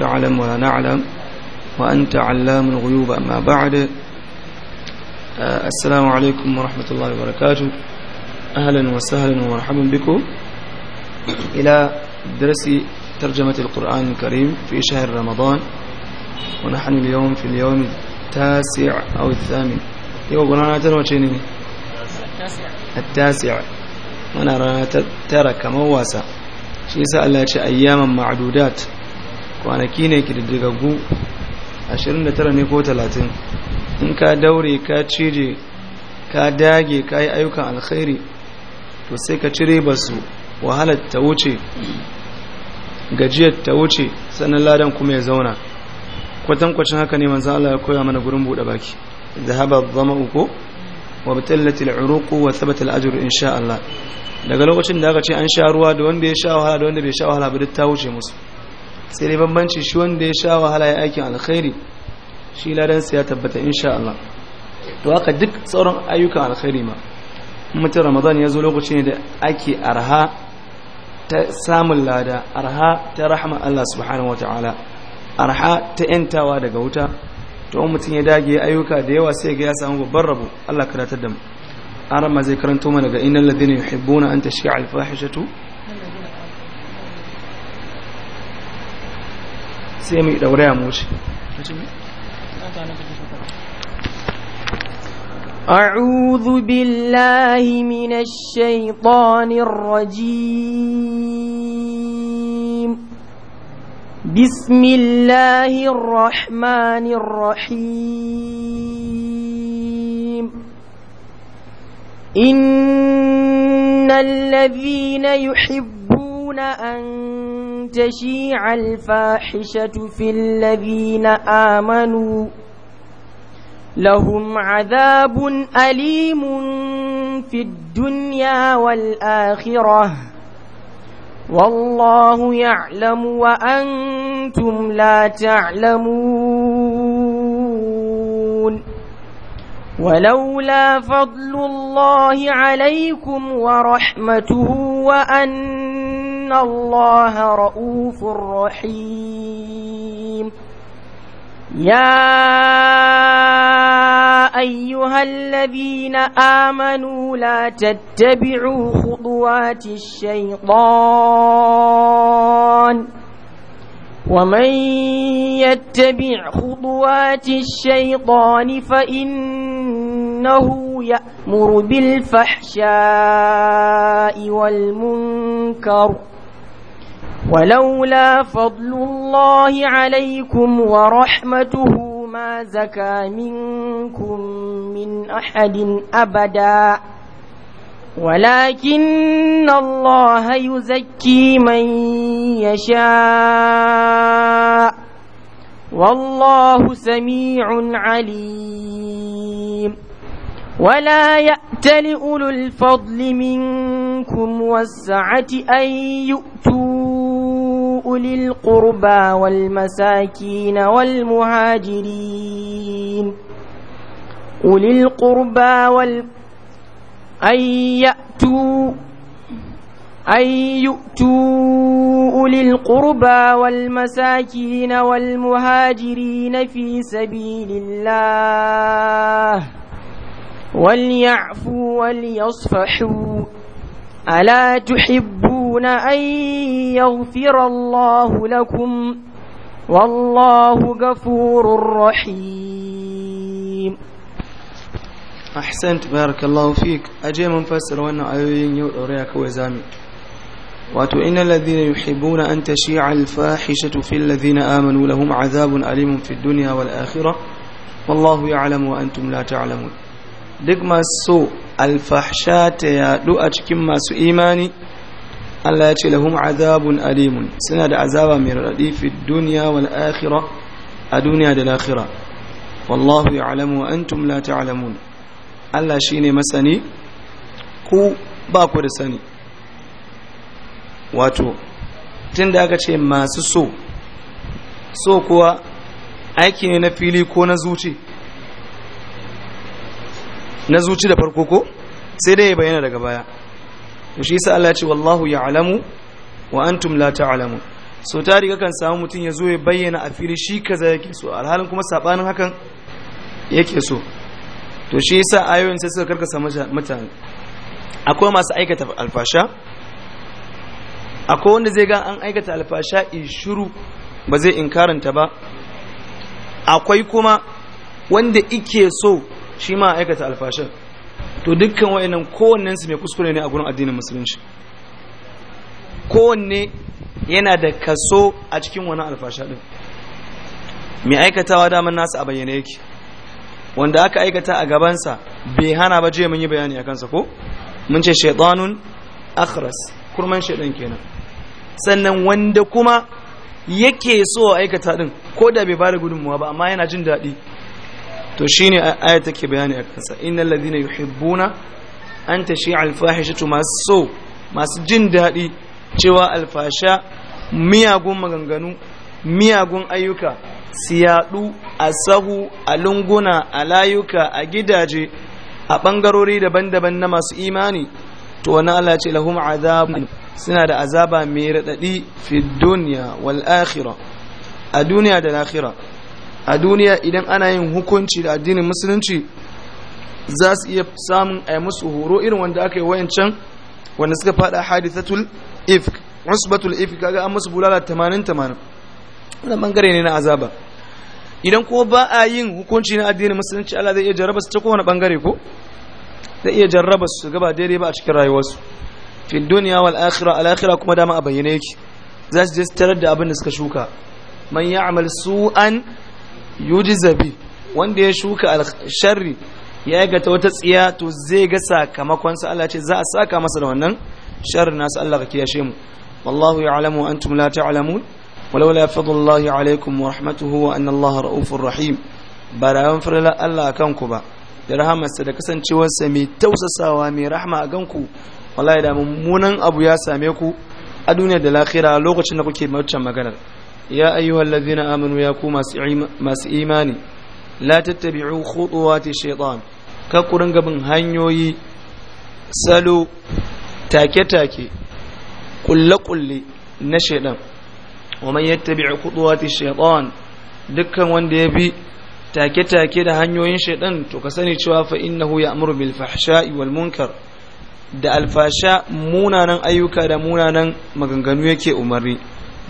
تعلم ولا نعلم وأنت علام الغيوب أما بعد آه، السلام عليكم ورحمة الله وبركاته أهلا وسهلا ومرحبا بكم إلى درس ترجمة القرآن الكريم في شهر رمضان ونحن اليوم في اليوم التاسع أو الثامن يوم قرانا تنوشيني التاسع ونرى ترك مواسا شيء سأل أياما معدودات kwanaki ne kididdigaggu 29 ne ko 30 in ka daure ka cije ka dage ka yi ayyukan alkhairi to sai ka cire su wahalar ta wuce gajiyar ta wuce sannan ladan kuma ya zauna kwatankwacin haka ne manzan Allah ya koya mana gurin buɗe baki zahaba zama uku wa batallati al'uruqu wa thabata in insha Allah daga lokacin da aka ce an sha ruwa da wanda ya sha wahala da wanda bai sha wahala ba duk ta wuce musu sai dai bambanci shi wanda ya sha wahala ya aikin alkhairi shi sai ya tabbata insha Allah to haka duk sauran ayyukan alkhairi ma mutum ramadan ya zo lokaci ne da ake arha ta samun lada arha ta rahama Allah subhanahu wa ta'ala arha ta yantawa daga wuta to mutum ya dage ayyuka da yawa sai ga ya samu babban rabo Allah karatar da mu an ma zai karanto mana ga innal ladina yuhibbuna an tashia al fahishatu sai daure أعوذ بالله من الشيطان الرجيم بسم الله الرحمن الرحيم إن الذين يحبون يخشون أن تشيع الفاحشة في الذين آمنوا لهم عذاب أليم في الدنيا والآخرة والله يعلم وأنتم لا تعلمون ولولا فضل الله عليكم ورحمته وأن إن الله رؤوف رحيم يا أيها الذين آمنوا لا تتبعوا خطوات الشيطان ومن يتبع خطوات الشيطان فإنه يأمر بالفحشاء والمنكر ولولا فضل الله عليكم ورحمته ما زكى منكم من أحد أبدا ولكن الله يزكي من يشاء والله سميع عليم ولا يأتل أولو الفضل منكم والسعة أن يؤتون أولي القربى والمساكين والمهاجرين أولي القربى وال أن يأتوا أن يؤتوا أولي القربى والمساكين والمهاجرين في سبيل الله وليعفوا وليصفحوا ألا تحبون أن يغفر الله لكم والله غفور رحيم ahsant barakallahu fik aje mun fassara wannan ayoyin yau dauriya kawai zamu wato innal ladhina yuhibbuna an tashi'a al-fahishatu fil ladhina amanu lahum azabun alimun fid dunya wal akhirah wallahu ya'lamu wa antum la ta'lamun duk masu so alfahsha ta yaɗu a cikin masu imani Allah ya ce lahum azabun alimun suna da azaba mai raɗi fi duniya wal akhira a duniya da lakhira wallahu ya'lamu wa antum la ta'lamun Allah shine masani ku ba ku da sani wato tunda aka ce masu so so kuwa aiki ne na fili ko na zuci na zuci da farko ko sai dai ya bayyana daga baya to shi yasa Allah ya ce wallahu ya'lamu wa antum la ta'lamu so tari kakan samu mutum ya zo ya bayyana a fili shi kaza yake so alhalin kuma sabanin hakan yake so to shi yasa ayoyin sai suka karkasa mutane akwai masu aikata alfasha akwai wanda zai ga an aikata alfasha in shiru ba zai inkaranta ba akwai kuma wanda ike so shi ma aikata alfashin to dukkan wayannan kowannen su mai kuskure ne a gurin addinin musulunci kowanne yana da kaso a cikin wani alfasha din mai aikatawa daman nasa a bayyane yake wanda aka aikata a gabansa bai hana ba jiya mun yi bayani a kansa ko mun ce shaitanun akhras kurman shaitan kenan sannan wanda kuma yake so aikata din ko da bai bada gudunmuwa ba amma yana jin daɗi to shine ayat take bayani a kansa innal ladina yuhibbuna an tashi alfahishatu masu masu jin daɗi cewa alfasha miyagun maganganu miyagun ayyuka su yaɗu a sahu a lunguna a layuka a gidaje a ɓangarori daban-daban na masu imani to wani Allah ce lahum azabun suna da azaba mai raɗaɗi fi duniya wal akhirah a duniya da lahira a duniya idan ana yin hukunci da addinin musulunci za su iya samun a musu horo irin wanda aka yi wayancan wanda suka fada hadithatul ifk musbatul ifk kaga an musu bulala 80 80 wannan bangare ne na azaba idan kuma ba a yin hukunci na addinin musulunci Allah zai iya jarraba su ta kowane bangare ko zai iya jarraba su gaba daidai ba a cikin rayuwarsu fil duniya wal akhirah al akhirah kuma dama a bayyane yake za su je su tarar da abin da suka shuka man ya'mal su'an yujizabi wanda ya shuka sharri ya ta wata tsiya to zai ga sakamakon sa Allah ce za a saka masa da wannan sharri nasu Allah ka kiyashe mu wallahu ya'lamu antum la ta'lamun walaula fadlullahi alaikum wa rahmatuhu wa anna Allah ra'ufur rahim ba farla Allah kan ku ba da rahamarsa da kasancewarsa mai tausasawa mai rahama a ganku wallahi da mummunan abu ya same ku a duniya da lahira lokacin da kuke mutuncin maganar ya ayyuhal ladzina amanu ya ku masu imani la tattabi'u khutuwati shaitan ka ku ringa bin hanyoyi salo take-take kulle-kulle na shaitan wa man yattabi'u khutuwati shaitan dukkan wanda ya bi take-take da hanyoyin shaitan to ka sani cewa fa innahu ya'muru bil fahsha'i wal munkar da alfasha munanan ayyuka da munanan maganganu yake umarni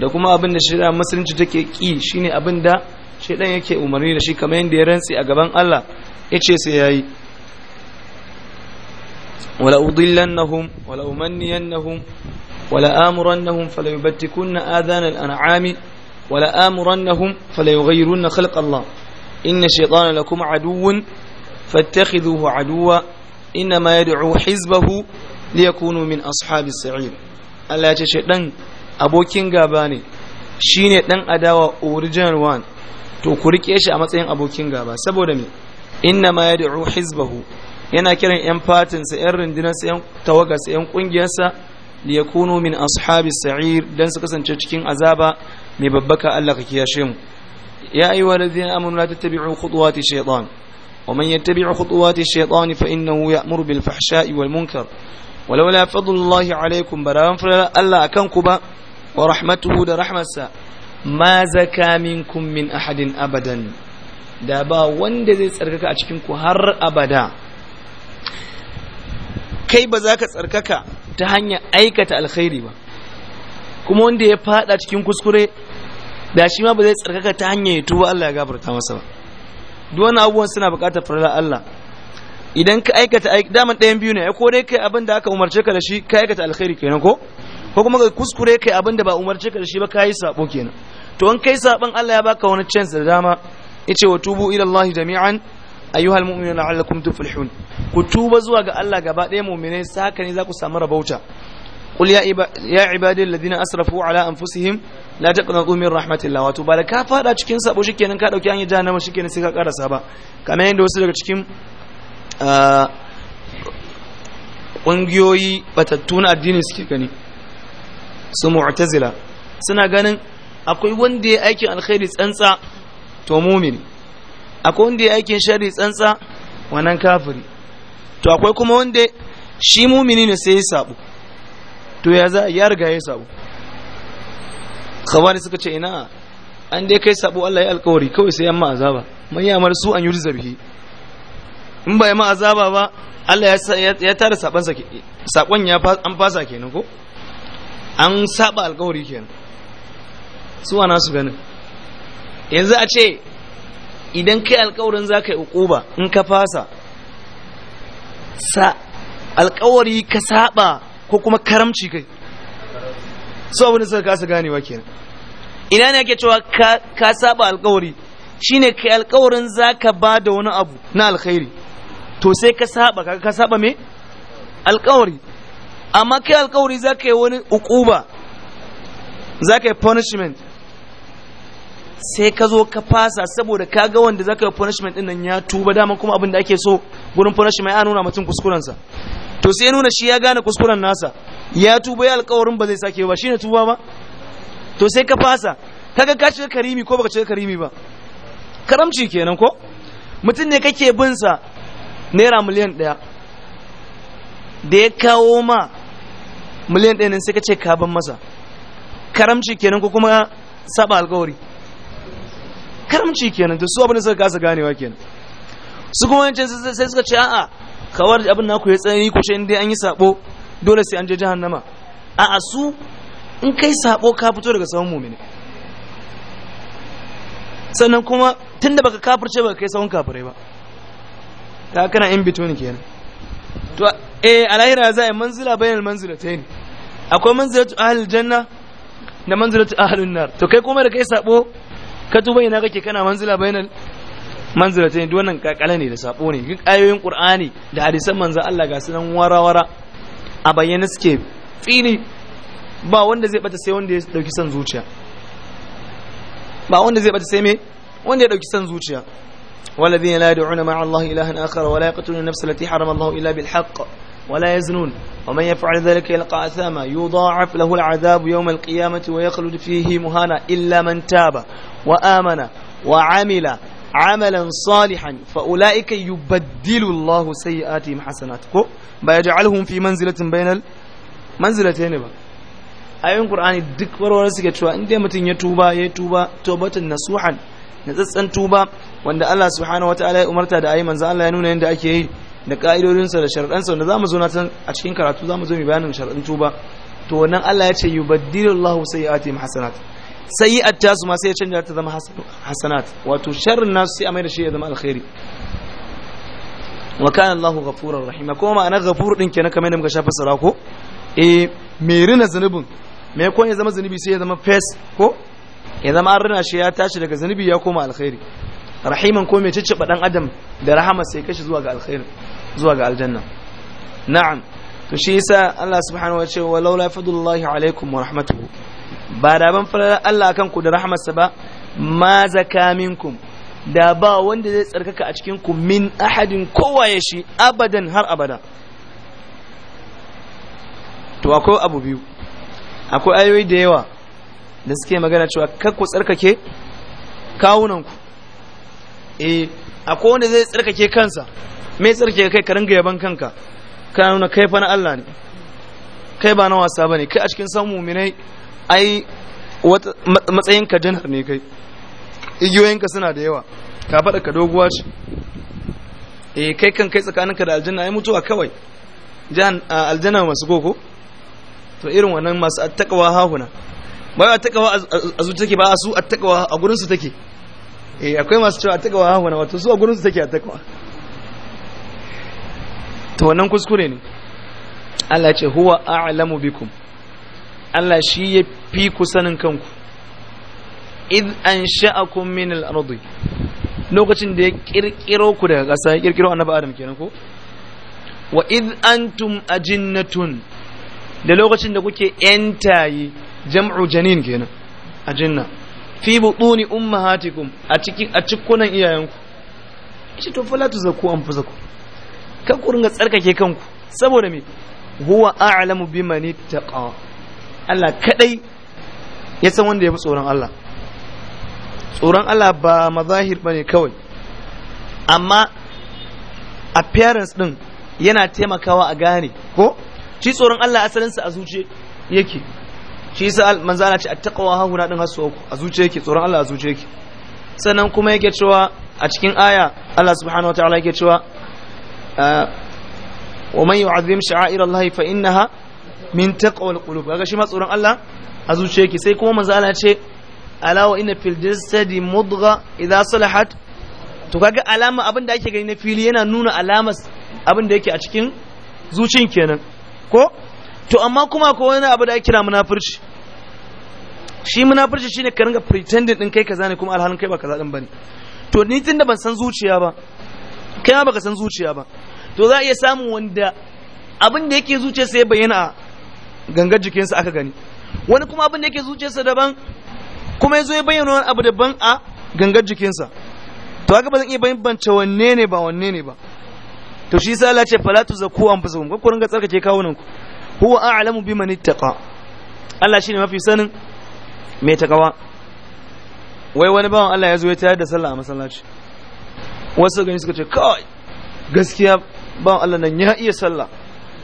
da kuma abin da shari'a musulunci take ki shine abin da shaidan yake umarni da shi kamar yadda ya rantsi a gaban Allah yace sai yayi wala udillannahum wala umanniyannahum wala amurannahum falayubtikunna adhana al-an'ami wala amurannahum falayughayyirunna khalqa Allah inna shaytana lakum aduwwun fattakhidhuhu aduwwa inma yad'u hizbahu liyakunu min ashabis sa'ir Allah ya ce shaidan abokin gaba ne ne dan adawa original one to ku rike shi a matsayin abokin gaba saboda me inna ma yad'u hizbahu yana kiran yan fatin sa yan rundunar sa yan tawaga sa yan kungiyar sa li yakunu min ashabis sa'ir dan su kasance cikin azaba mai babbaka Allah ka kiyashe mu ya ayyuhal ladzina amanu la tattabi'u khutuwati shaytan ومن يتبع خطوات الشيطان فإنه يأمر بالفحشاء والمنكر ولولا فضل الله عليكم برام فلا ku ba. wa rahmatuhu da rahmarsa ma zaka minkum min ahadin abadan da ba wanda zai tsarkaka a cikin ku har abada kai ba za ka tsarkaka ta hanyar aikata alkhairi ba kuma wanda ya fada cikin kuskure da shi ma ba zai tsarkaka ta hanyar ya tuba Allah ya gafarta masa ba duk wani abubuwan suna buƙatar farla Allah idan ka aikata daman ɗayan biyu ne ko dai kai abin da aka umarce ka da shi ka aikata alkhairi kenan ko ko kuma ka kuskure kai abin da ba umarce ka da shi ba ka yi sabo kenan to an kai sabon Allah ya baka wani chance da dama yace wa tubu ila Allah jami'an ayyuhal mu'minuna la'allakum tuflihun ku tuba zuwa ga Allah gaba ɗaya mu'minai saka ne za ku samu rabauta qul ya ya ibadi alladhina asrafu ala anfusihim la taqnatu min rahmatillah wato ba da ka fada cikin sabo shikenan ka dauki anya jahannama shikenan sai ka karasa ba kamar yadda wasu daga cikin ah, ƙungiyoyi batattu na addini suke gani su mu'tazila suna ganin akwai wanda ya aikin alkhairi tsantsa to mumini akwai wanda ya aikin shari tsantsa wannan kafiri to akwai kuma wanda shi mumini ne sai ya sabu to ya za ya riga ya sabu khawari suka ce ina an dai kai sabu Allah ya alkawari kawai sai yamma azaba man ya su an yuri zabihi in ba yamma azaba ba Allah ya tara saban sa sakon ya an fasa kenan ko an saba alkawari kenan su ana su ganin yanzu a ce idan kai alkawarin za ka yi ukuba in ka fasa sa alkawari ka saba ko kuma karamci kai su abin da suka kasa ganewa kenan ina ne ake cewa ka saba alkawari shine kai alkawarin za ka ba da wani abu na alkhairi to sai ka saba ka saba me alkawari amma kai alkawari za ka yi wani ukuba za ka yi punishment sai ka zo ka fasa saboda ka ga wanda za ka yi punishment din nan ya tuba dama kuma abin da ake so gurin punishment ya nuna mutum kuskurensa to sai nuna shi ya gane kuskuren nasa ya tuba ya alkawarin ba zai sake ba shine tuba ba to sai ka fasa kaga ka shiga karimi ko baka shiga karimi ba karamci kenan ko mutum ne kake bin sa naira miliyan daya da ya kawo ma miliyan ɗaya nan sai ka ce ka ban masa karamci kenan ko kuma saba alkawari karamci kenan da su abin da suka kasa ganewa kenan su kuma yancin sai suka ce a'a kawar abin naku ya tsayi ku ce in an yi sabo dole sai an je jahannama a'a su in kai sabo ka fito daga sahun mumini sannan kuma tun da baka kafirce baka kai sahun kafirai ba ta kana in bitoni kenan to eh alahira lahira za a yi manzila bayan manzila ta yi akwai manzilatu ahlul janna da manzilatu ahlun nar to kai kuma da kai sabo ka tuba ina kake kana manzila bainal manzilatu ne wannan kakala ne da sabo ne duk ayoyin qur'ani da hadisan manzon Allah ga wara wara a bayyana suke fili ba wanda zai bata sai wanda ya dauki san zuciya ba wanda zai bata sai me wanda ya dauki san zuciya والذين لا يدعون مع الله إلها آخر ولا يقتلون النفس التي حرم الله إلا بالحق ولا يزنون ومن يفعل ذلك يلقى أثاما يضاعف له العذاب يوم القيامة ويخلد فيه مهانا إلا من تاب وآمن وعمل عملا صالحا فأولئك يبدل الله سيئاتهم حسنات كو بيجعلهم في منزلة بين المنزلتين با ayoyin qur'ani duk warware suke cewa in dai mutum ya tuba ya tuba tawbatan nasuhan natsatsan tuba wanda Allah subhanahu wataala ya umarta da ayi ya nuna yadda ake yi da ka'idodinsa da sharaɗansa wanda za mu zo can a cikin karatu za mu zo mai bayanin sharaɗin tuba to wannan Allah ya ce yubaddilu Allahu sayyi'atihim hasanat sayyi'at ta su ma sai ya canja ta zama hasanat wato sharrin nasu sai a mai da shi ya zama alkhairi wa kana Allahu ghafurur rahima kuma ma'anar ghafur din kenan kamar yadda muka shafa sara ko eh me rina zanubin me ko ya zama zanubi sai ya zama face ko ya zama an rina shi ya tashi daga zanubi ya koma alkhairi rahiman ko mai cicciba ɗan adam da rahama sai kashi zuwa ga alkhairi zuwa ga aljanna na'am to shi yasa Allah subhanahu wa ce walau la fadlullahi alaikum wa rahmatuhu ba da ban fara Allah akan ku da rahmarsa ba ma zaka minkum da ba wanda zai tsarkaka a cikin ku min ahadin kowa ya shi abadan har abada to akwai abu biyu akwai ayoyi da yawa da suke magana cewa kar ku tsarkake kawunanku eh akwai wanda zai tsarkake kansa me tsarki kai ka ringa yaban kanka ka nuna kai fa na Allah ne kai ba na wasa bane kai a cikin san mu'minai ai matsayin ka jinar ne kai ka suna da yawa ka faɗa ka doguwa ce eh kai kan kai tsakaninka da aljanna ai mutuwa kawai jan aljanna masu koko to irin wannan masu attakawa hahuna ba attakawa a zuci take ba su attakawa a gurin su take eh akwai masu cewa attakawa hahuna wato su a gurin su take attakawa to wannan kuskure ne Allah ce huwa a'lamu bikum Allah shi ya fi ku sanin kanku id sha'akum min al-ardi lokacin da ya kirkiro ku daga ƙasa ya kirkiro annabi Adam kenan ko wa id antum ajinnatun da lokacin da kuke yantaye jam'u janin kenan ajinna fi butuni ummahatikum a cikin a cikunan iyayenku shi to fala an anfusakum kan ku ringa tsarkake kanku saboda me huwa a'lamu biman taqa Allah kadai ya san wanda ya fi tsoron Allah tsoron Allah ba mazahir bane kawai amma appearance din yana taimakawa a gane ko shi tsoron Allah asalinsa a zuciya yake shi sa manzo Allah ce attaqwa ha huna din hasu uku a zuciya yake tsoron Allah a zuciya yake sannan kuma yake cewa a cikin aya Allah subhanahu wataala yake cewa wa man yu'azzim sha'air Allah fa innaha min taqwal qulub kaga shi ma tsoron Allah a zuciye ki sai kuma manzo Allah ce ala wa inna fil jasadi mudgha idha salahat to kaga alama abin da ake gani na fili yana nuna alama abin da yake a cikin zuciyin kenan ko to amma kuma ko wani abu da ake kira munafurci shi munafurci shine ka ringa pretending din kai kaza ne kuma alhalin kai ba kaza din bane to ni tunda ban san zuciya ba kai ma baka san zuciya ba to za a iya samun wanda abin da yake zuce sai bayyana a gangar jikinsa aka gani wani kuma abin da yake sa daban kuma ya zo ya bayyana wani abu daban a gangar jikinsa to haka ba zan iya bambance wanne ne ba wanne ne ba to shi yasa Allah ya ce fala tuzaku anfusakum ko ku ringa tsarkake kawunan ku huwa a'lamu biman ittaqa Allah shine mafi sanin mai takawa wai wani bawan Allah ya zo ya tayar da sallah a masallaci wasu gani suka ce kawai gaskiya ba Allah nan ya iya sallah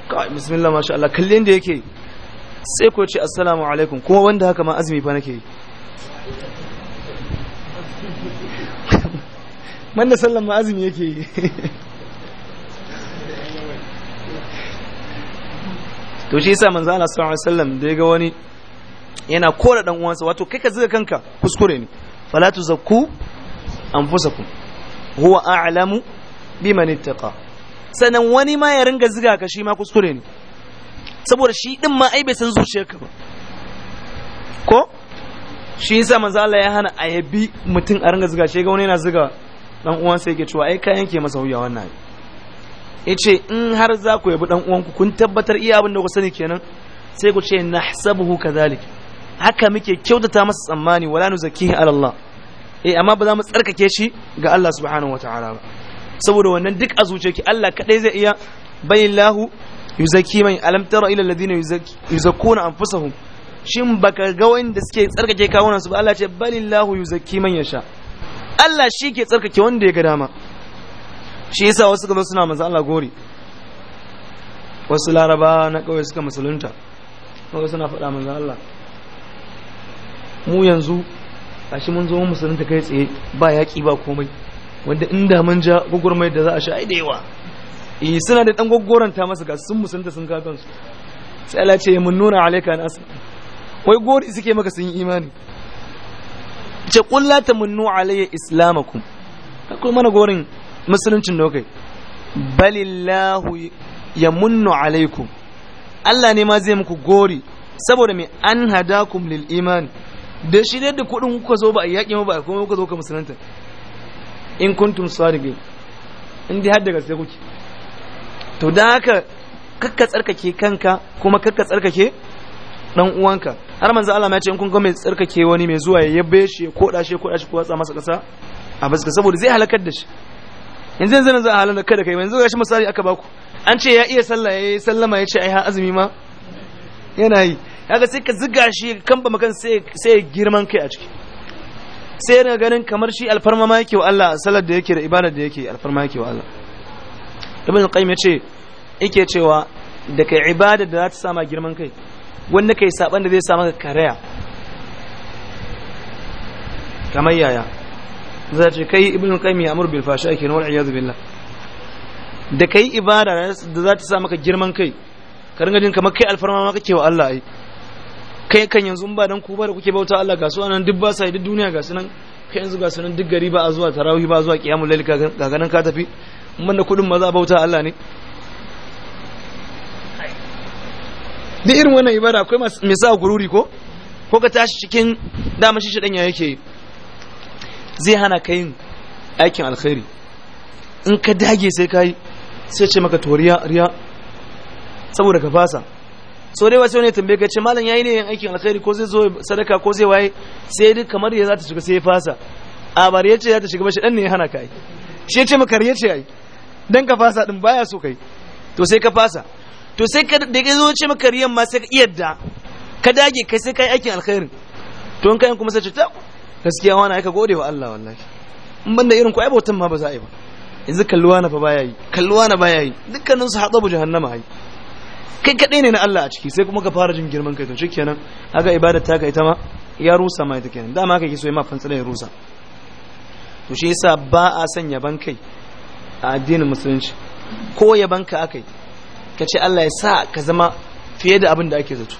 kai bismillah masha Allah kallin da yake sai ko ce assalamu alaikum kuma wanda haka ma azumi fa nake yi man da sallan ma azumi yake yi to shi yasa manzo Allah sallallahu alaihi wasallam da ya ga wani yana kora dan uwansa wato kai ka zuga kanka kuskure ne fala tuzakku anfusakum huwa a'lamu biman ittaqa sannan wani ma ya ringa ziga ka shi ma kuskure ne saboda shi din ma ai bai san ka ba ko shi yasa manzo Allah ya hana a yabi mutum a ringa ziga shi ga wani yana ziga dan uwansa yake cewa ai ka yanke masa wuya wannan yace in har za ku yabi dan uwanku kun tabbatar iya abin da ku sani kenan sai ku ce nahsabuhu kadhalik haka muke kyautata masa tsammani wala nuzakkihi ala Allah eh amma ba za mu tsarkake shi ga Allah subhanahu wataala ba saboda wannan duk a zuciyarki Allah kadai zai iya bayyallahu yuzaki man alam tara ila alladhina yuzakkuna anfusahum shin baka ga wanda suke tsarkake kawunan su ba Allah ce balillahu yuzakki man yasha Allah shi ke tsarkake wanda ya ga dama shi yasa wasu gaba suna manzo Allah gori wasu laraba na kawai suka musulunta kawai suna faɗa manzo Allah mu yanzu ashe mun zo musulunta kai tsaye ba yaƙi ba komai wanda inda mun ja gwagwarmayar da za a sha ai da yawa eh suna da dan gwaggoranta masa ga sun musunta sun ka kansu sai Allah ce mun nuna alayka an asma wai gori suke maka sun yi imani ce qul la tamannu alayya islamakum akwai mana gorin musuluncin da kai balillahu yamunnu alaykum Allah ne ma zai muku gori saboda mai an hadakum lil iman. da shi da kudin kuka zo ba a yaƙi ba a kuma kuka zo ka musulunta in kuntum sadiqi in dai har daga sai kuke to dan haka kakka tsarkake kanka kuma kakka tsarkake dan uwanka har manzo Allah ya ce in kun ga mai tsarkake wani mai zuwa ya yabe shi ya koda shi koda shi ko watsa masa kasa a baska saboda zai halakar da shi yanzu yanzu za a halakar da kai yanzu ga shi misali aka baku an ce ya iya sallah ya yi sallama ya ce ai ha azumi ma yana yi kaga sai ka ziga shi kamba makan sai sai girman kai a ciki sai yana ganin kamar shi alfarma ma yake wa Allah salat da yake da ibada da yake alfarma yake wa Allah ibn qayyim yace yake cewa da kai Ibada da za ta sama girman kai wanda kai saban da zai sa maka karaya kamar yaya za ce kai ibn qayyim ya amur bil fasha yake wal iyad billah da kai ibada da za ta sa maka girman kai ka ringa jin kamar kai alfarma ma kake wa Allah ai kai kan yanzu ba dan ku ba da kuke bauta Allah ga su nan duk ba sa duk duniya ga su nan kai yanzu ga su nan duk gari ba a zuwa tarawih ba zuwa qiyamul lail ga ganin ka tafi mun da kudin maza bauta Allah ne da irin wannan ibada akwai mai sa gururi ko ko ka tashi cikin dama shi shaɗan ya yake zai hana ka yin aikin alkhairi in ka dage sai ka yi sai ce maka to riya saboda ka fasa so dai wasu ne tambaye ka ce malam yayi ne yin aikin alkhairi ko zai zo sadaka ko zai waye sai duk kamar ya za ta shiga sai ya fasa a ya ce za ta shiga bashi dan ne ya hana ka yi shi ce maka ce ai dan ka fasa din baya so kai to sai ka fasa to sai ka da ka zo ce maka riyan ma sai ka iyadda ka dage kai sai kai aikin alkhairin to in kai kuma sai ce ta gaskiya wani aika gode wa Allah wallahi in banda irin ku ai bautan ma ba za a yi ba yanzu kalluwa na fa baya yi kalluwa na baya yi dukkanin su haɗa bu jahannama ai kai kadai ne na Allah a ciki sai kuma ka fara jin girman kai to shi kenan haka ibada ta ka ita ma ya rusa ma take kenan dama kake so yi ma fantsila ya rusa to shi yasa ba a son yaban kai a addinin musulunci ko yaban ka akai ka ce Allah ya sa ka zama fiye da abin da ake zato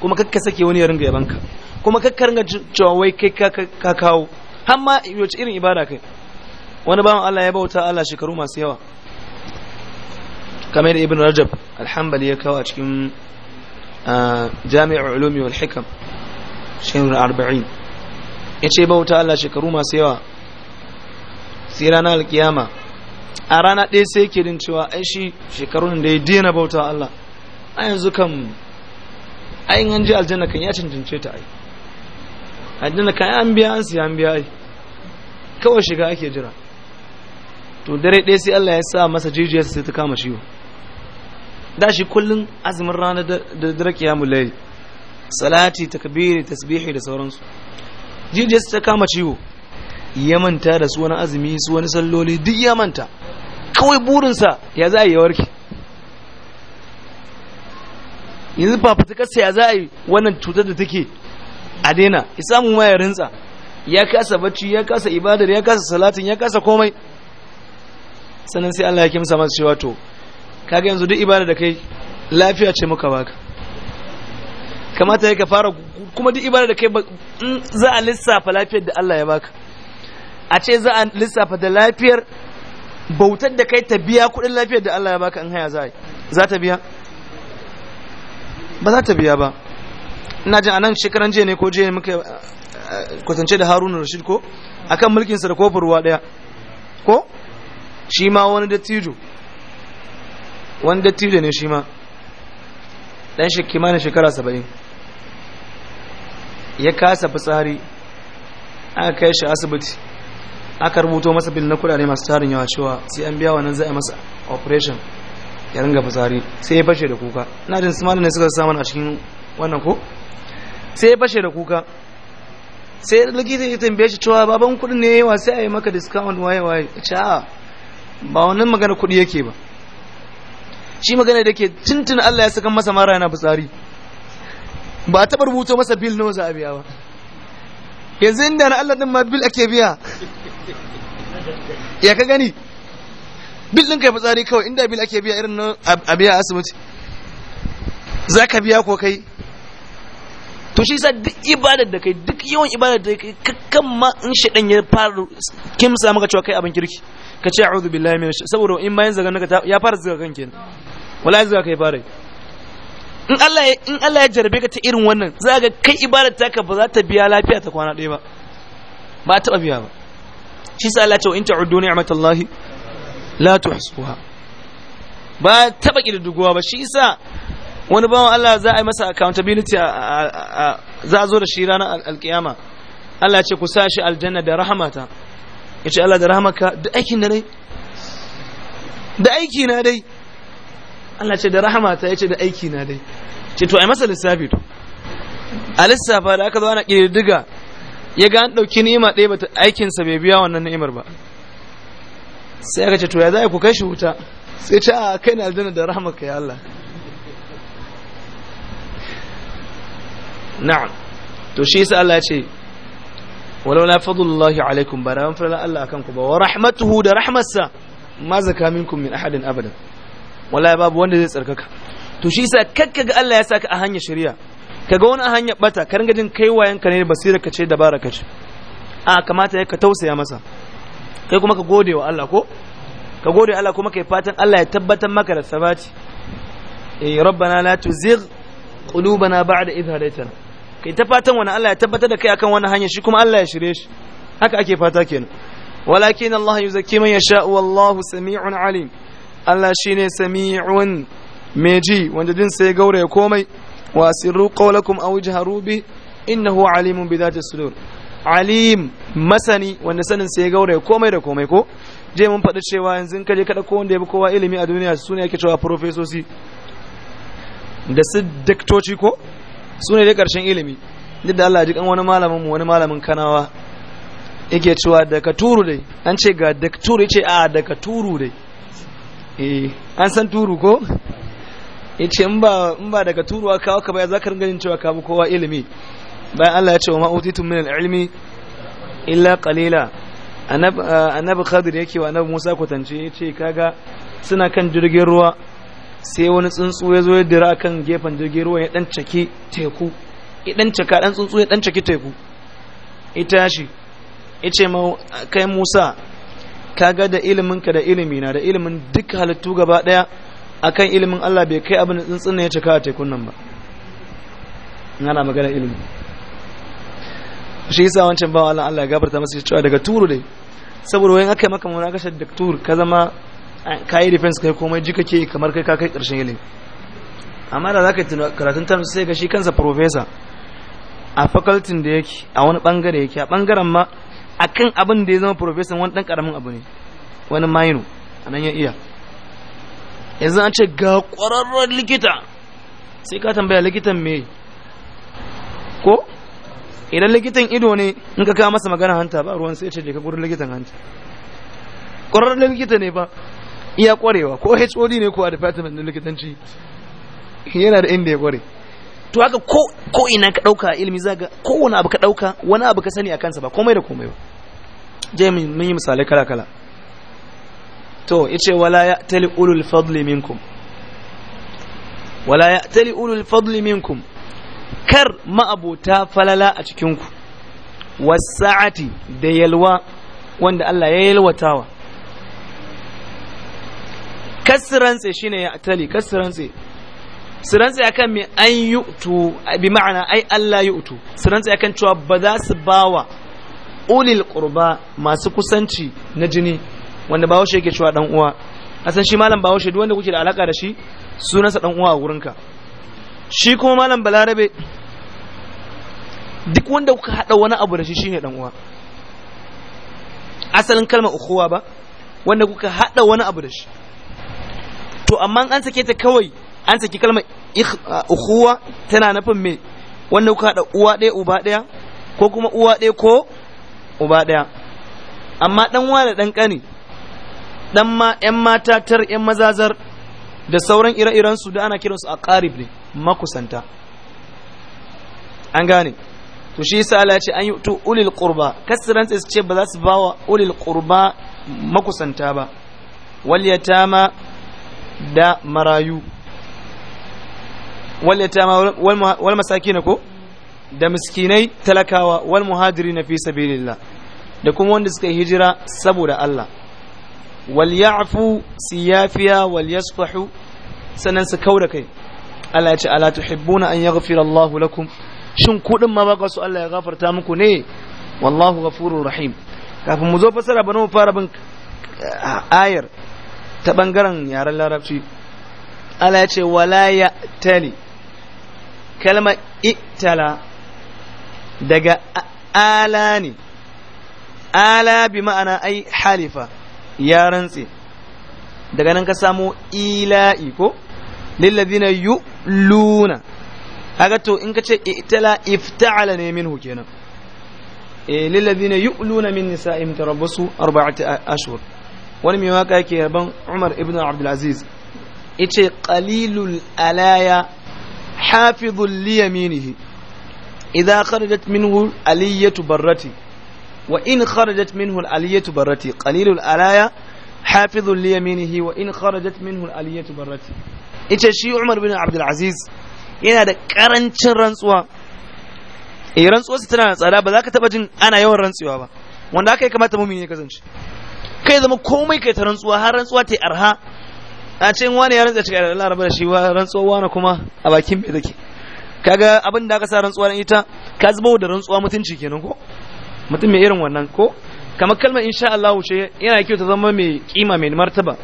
kuma kakka sake wani ya ringa yaban ka kuma kakka ringa cewa wai kai ka kawo har ma irin ibada kai wani bawan Allah ya bauta Allah shekaru masu yawa kamar ibn rajab alhambali ya kawo a cikin jami'ar ulumi wal hikam shekaru arba'in ya ce bauta Allah shekaru masu yawa sai rana alkiyama a rana ɗaya sai ke din cewa ai shi shekarun da ya dina bauta Allah a yanzu kan ayin an ji aljanna kan ya cancance ta ai aljanna kan an biya an siya an biya ai kawai shiga ake jira to dare ɗaya sai Allah ya sa masa jijiyarsa sai ta kama ciwo da shi kullum azumin rana da dare ya layl salati takbiri tasbihi da sauransu jijiya ta kama ciwo ya manta da su wani azumi su wani salloli duk ya manta kawai burinsa ya za a yi warke yanzu fafatakarsa ya za a yi wannan cutar da take a daina isamu ma ya rinsa ya kasa bacci ya kasa ibadar ya kasa salatin ya kasa komai sannan sai Allah ya kimsa masa cewa to kaga yanzu duk ibada da kai lafiya ce muka baka kamata ya ka fara kuma duk ibada da kai za a lissafa lafiyar da Allah ya baka a ce za a lissafa da lafiyar bautar da kai ta biya kudin lafiyar da Allah ya baka in haya zai za ta biya ba za ta biya ba ina jin anan shekaran jiya ne ko jiya ne muka eh, kwatance da Haruna Rashid ko akan mulkin sa da kofar ruwa daya ko shi ma wani dattijo wanda dattijo ne shi ma dan shi kimanin shekara saba'in ya kasa fitsari aka kai shi asibiti aka rubuto masa bil na kudade masu tarin yawa cewa sai an biya wannan za a masa operation ya ringa fitsari sai ya fashe da kuka ina jin su ne suka samu a cikin wannan ko sai ya fashe da kuka sai likitan ya tambaye shi cewa baban kudin ne yawa sai a yi maka discount waye waye ce a ba wannan magana kudi yake ba shi magana da ke tuntun Allah ya saka masa mara yana fitsari ba a taɓa rubuto masa bil na wasu a ba yanzu inda na Allah din ma bil ake biya ya ka gani bil ɗin kai fitsari kawai inda bil ake biya irin na a asibiti za ka biya ko kai to shi sa duk ibadar da kai duk yawan ibadar da kai kakkan ma in shaɗan ya fara kimsa maka cewa kai abin kirki ka ce a'udhu billahi minash saboda in bayan zagan ya fara zagan kenan wallahi zaka kai fara in Allah in Allah ya jarbe ka ta irin wannan zaka kai ibadar taka ba za ta biya lafiya ta kwana ɗaya ba ba ta biya ba shi sa Allah ya ce in ta'uddu ni'matallahi la tuhsuha ba da duguwa ba shi sa wani bawan Allah za a yi masa accountability za a zo da shi ranar alkiyama Allah ya ce ku sa shi aljanna da rahamata ya ce Allah da rahamaka da aikin da dai da aiki na dai Allah ce da rahama ta yace da aiki na dai ce to ai masa lissafi to a lissafa da aka zo ana kididdiga ya ga an dauki ni'ima ɗaya bata aikin sa bai biya wannan ni'imar ba sai aka ce to ya za ku kai shi wuta sai ta a kai na aljanna da rahama ka ya Allah na'am to shi yasa Allah ya ce la ولولا فضل الله عليكم Allah akan ku ba wa rahmatuhu da ما ma zakaminkum min ahadin abadan wallahi babu wanda zai tsarkaka to shi yasa kakka ga Allah ya saka a hanyar shari'a kaga wani a hanyar bata ka ringa jin kai wayan wayanka ne basira ka ce dabara ka ce a kamata ya ka tausaya masa kai kuma ka gode wa Allah ko ka gode Allah kuma kai fatan Allah ya tabbatar maka da sabati eh rabbana la tuzigh qulubana ba'da idh hadaytana kai ta fatan wani Allah ya tabbatar da kai akan wani hanya shi kuma Allah ya shirye shi haka ake fata kenan walakin Allah yuzakki man yasha wallahu sami'un alim Allah ne sami'un mai ji wanda jin sai gauraya komai wa sirru qawlakum aw jaharu bi innahu alimun bi dhati sudur alim masani wanda sanin sai gauraya komai da komai ko je mun faɗi cewa yanzu ka je kada ɗauko wanda ya bi kowa ilimi a duniya su ne ake cewa profesosi da su daktoci ko su ne dai karshen ilimi duk da Allah kan wani malamin mu wani malamin kanawa yake cewa daga turu dai an ce ga dakturu yace a daga turu dai eh an san turu ko yace in ba in ba daga turuwa kawo ka baya za ringa jin cewa ka kowa ilimi bayan Allah ya ce wa ma utitum min al illa qalila annabi Khadir yake wa annabi Musa kwatance yace kaga suna kan jirgin ruwa sai wani tsuntsu ya zo ya dira kan gefen jirgin ruwa ya dan caki teku ya dan caka dan tsuntsu ya dan caki teku ita shi yace ma kai Musa kaga da ka da ilimi na da ilimin duk halittu gaba daya akan ilimin Allah bai kai abin tsintsin ya cika a tekun nan ba ana magana ilimi shi yasa wancan bawa Allah Allah ya gabarta masa cewa daga turu dai saboda wayan aka yi maka kashar da turu ka zama eh, yi defense kai komai ji kake kamar kai ka kai karshen ilimi amma da zaka tuna karatun tarihi sai ga shi kansa professor a faculty da yake a wani bangare yake a bangaren ma akan abin da ya zama profesan wani dan karamin abu ne wani minor nan ya iya yanzu an ce ga ƙwararren likita sai ka tambaya likitan me ko idan likitan ido ne in ka kawo masa magana hanta ba ruwan sai ce ka gurin likitan hanta ƙwararren likita ne ba iya ƙwarewa ko hod ne ko a department na likitanci yana da inda ya ƙware to haka ko ina ka ɗauka ilimi zaga kowane abu ka ɗauka wani abu ka sani a kansa ba komai da komai ba je mun yi misalai kala kala to yace wala tali ulul fadli minkum wala tali ulul fadli minkum kar ma'abuta falala a cikinku wasa'ati da yalwa wanda Allah ya yalwatawa kasirantse shine ya atali kasirantse sirantse kan me an yu'tu bi ma'ana ai Allah yu'tu sirantse kan cewa ba za su bawa ulil qurba masu kusanci na jini wanda bahaushe yake cewa dan uwa san shi malam bahaushe duk wanda kuke da alaka da shi sunansa dan uwa a gurinka shi kuma malam balarabe duk wanda kuka hada wani abu da shi shine dan uwa asalin kalmar ukhuwa ba wanda kuka hada wani abu da shi to amma an sake ta kawai an saki kalmar ukhuwa tana nufin me wanda kuka hada uwa ɗaya uba ɗaya ko kuma uwa ɗaya ko uba ɗaya amma ɗan wa da ɗan ƙani ɗan ma ‘yan mata tar ‘yan mazazar da sauran ire-iren su da ana kiransu a ƙarib ne makusanta an gane to shi yasa Allah ya ce an yi to ulil qurba kasiran su ce ba za su bawa ulil qurba makusanta ba wal yatama da marayu wal yatama wal masakin ko da miskinai talakawa wal muhajiri na fi sabilillah da kuma wanda suka hijira saboda Allah wal ya'fu siyafiya wal yasfahu sannan su kauda kai Allah ya ce ala tuhibbuna an yaghfira Allahu lakum shin kudin ma ba su Allah ya gafarta muku ne wallahu ghafurur rahim kafin mu zo fasara bana mu fara bin eh, ayar ta bangaren yaren larabci Allah ya ce wala ya tali kalmar itala daga ala ne ala bi ma'ana ai halifa ya rantse daga nan ka samo ila'i ko lillazina yu'luna kaga to in ka ce itala ifta'ala ne minhu kenan e lillazina yu'luna min nisa'im tarabbasu arba'ati ashhur wani mai waka yake yaban Umar ibn Abdul Aziz yace qalilul alaya hafizul liyaminihi idza kharajat minhu aliyatu barrati wa in kharajat minhu aliyatu barrati qalilul alaya hafizul liyaminihi wa in kharajat minhu aliyatu barrati ita shi Umar bin Abdul Aziz yana da karancin rantsuwa eh rantsuwarsa tana da tsada ba za ka taba jin ana yawan rantsuwa ba wanda aka yi kamata mumini ya kasance kai zama komai kai ta rantsuwa har rantsuwa ta arha a ce wani ya rantsa cikin Allah rabar shi rantsuwa wani kuma a bakin bai kaga abin da aka sa rantsuwa na ita ka zubo da rantsuwa mutunci kenan ko mutum mai irin wannan ko kamar kalmar insha Allah ce yana kyau ta zama mai kima mai martaba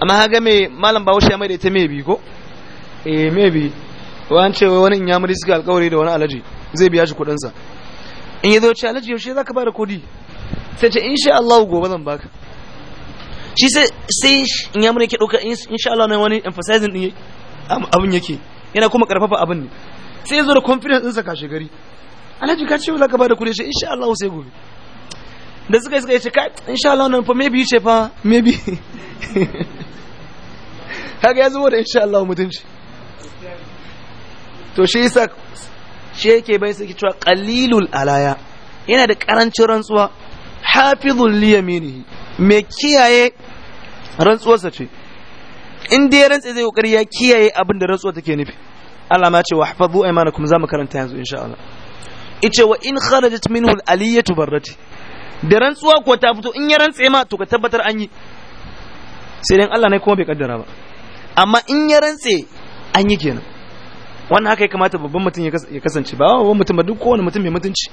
amma haga mai malam bahaushe ya mai da ita mai bi ko eh mai bi wani ce wani in ya muri suka alkawari da wani alaji zai biya shi kuɗin sa in ya zo ce alaji yaushe zaka bada kudi sai ce insha Allah gobe zan baka shi sai sai in ya muri ke doka insha Allah ne wani emphasizing din abin yake yana kuma karfafa abin ne sai zo da confidence ɗinsa kashe gari alhaji ka ce za ka bada kuɗi shi insha Allah sai gobe da suka yi suka yi ce kai insha Allah nan fa maybe ce fa maybe haka ya zubo da insha Allah mutunci to shi yasa shi yake bai suke cewa qalilul alaya yana da karancin rantsuwa hafizul liyaminihi me kiyaye rantsuwarsa ce in dai rantsa zai kokari ya kiyaye abin da rantsuwa take nufi Allah ma ce wa hafazu kuma za mu karanta yanzu insha Allah ice wa in kharajat minhu al-aliyatu barrati da rantsuwa ko ta fito in ya rantse ma to ka tabbatar an yi sai dan Allah ne kuma bai kaddara ba amma in ya rantse an yi kenan wannan haka ya kamata babban mutum ya kasance ba babban mutum ba duk kowane mutum mai mutunci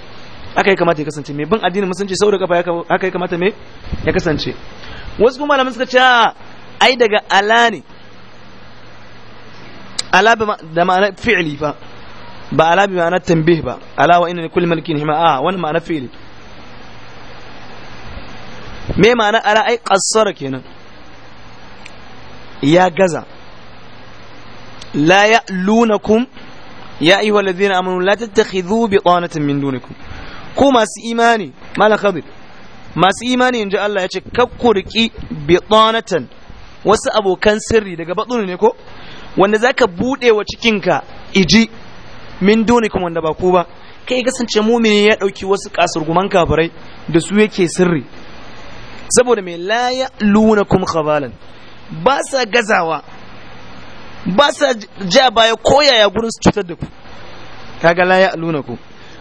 haka ya kamata ya kasance mai bin addinin musulunci sau da kafa haka ya kamata mai ya kasance wasu kuma malamin suka ce ai daga ala ne ala da ma'anar fi'li fa ba ala bi ma'anar tanbih ba ala wa inna hima a wani ma'anar fi'li me ma'anar ala ai qassara kenan ya gaza la ya'lunakum ya ayyuha alladhina amanu la tattakhidhu bitanatan min dunikum ku masu imani mala khadir masu imani inji Allah ya ce kakkurki bitanatan wasu abokan sirri daga batsuni ne ko wanda zaka buɗe wa cikinka iji min doni kuma wanda ba ku ba kai sance mumini ya ɗauki wasu kasurguman kafirai da su yake sirri saboda mai la ya kuma kabalan ba sa gazawa ba sa ja baya koyaya gurin su cutar da ku kaga la ya ku.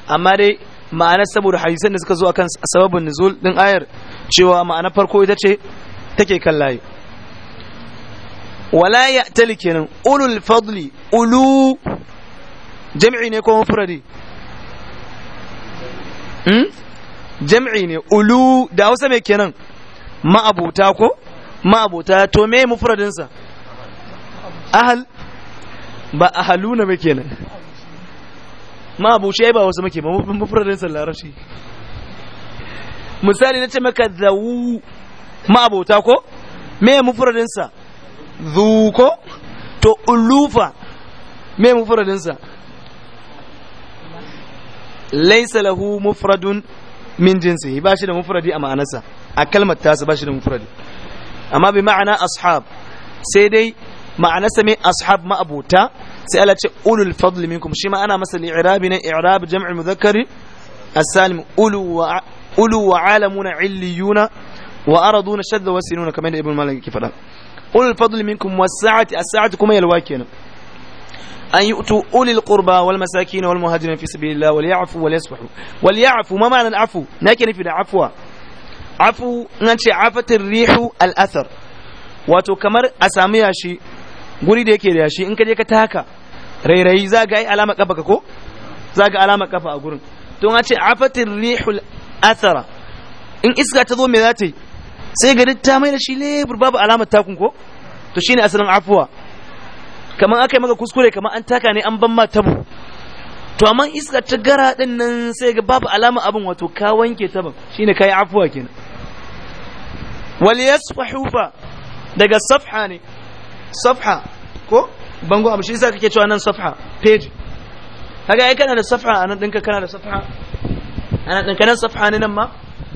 amma dai ma'anar saboda hadisan da suka zo kan sababin nuzul din ayar cewa ma'anar farko ita ce take kan layi wala ya tali kenan ulul fadli ulu jam'i ne ko mufradi hmm? jam'i ne ulu da hausa mai kenan ma'abuta ko ma'abuta to me sa? ahal ba ahaluna mai kenan ma'abuce ba wasu muke ba mufradinsa larashi misali na ce maka zawu ma'abuta ko me sa? ذوكو تؤلوفا ما مفرد انسا ليس له مفرد من جنسه باشد مفرد اما انسا اكلمة تاسا باشد مفرد اما بمعنى اصحاب سيدي معنى سمي اصحاب ما ابوتا سألت اولو الفضل منكم شما انا مثلا اعرابنا اعراب جمع المذكر السالم اولو اولو وعالمون عليون وارضون شد وسنون كمان ابن مالك كيف ulul fadli minkum was-sa'ati kuma yalwa kenan an yu'tu ulil qurba wal masakin wal muhajirin fi sabilillah wal ya'fu wal yasfahu wal ya'fu ma afu nake nufi da afwa afu nan ce afatir rihu al athar wato kamar a sami yashi guri da yake da yashi in ka je ka taka rairayi za ga ai alama kafa ka ko za ga kafa a gurin to an ce afatir rihul athara in iska ta zo me za ta yi sai ga ta mai da shi lebur babu alamar takun ko to ne asalin afuwa kamar aka yi maka kuskure kamar an taka ne an ban ma tabo to amma iska ta gara din nan sai ga babu alama abin wato ka wanke shi ne kayi afuwa kenan wal yasfahu fa daga safha ne safha ko bango abu shi yasa kake cewa nan safha page kaga ai kana da safha anan dinka kana da safha ana dinka nan safha ne nan ma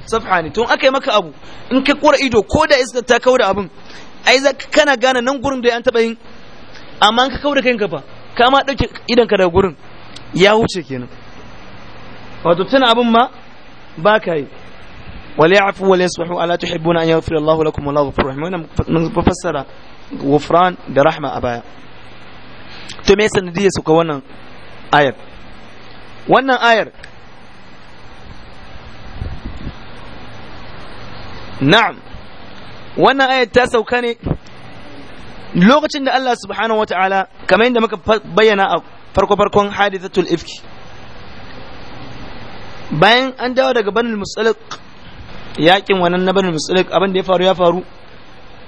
safha ne to aka yi maka abu in ka kura ido ko da iska ta kawo da abin ai za kana gane nan gurin da an taba yin amma ka kawo da kanka fa ka ma dauke idan ka daga gurin ya wuce kenan wato tana abin ma ba ka yi wal وليصبحوا ala تحبون an yaghfira "Allahu lakum wallahu ghafurur rahim wannan fassara gufran da rahma a baya to me sanadiyar ka wannan ayar wannan ayar na'am wannan ayat ta sauka ne lokacin da Allah subhanahu wata'ala kamar yadda muka bayyana a farko-farkon hadithatul ifki bayan an dawo daga banul musalik yakin wannan na banul musalik abin da ya faru ya faru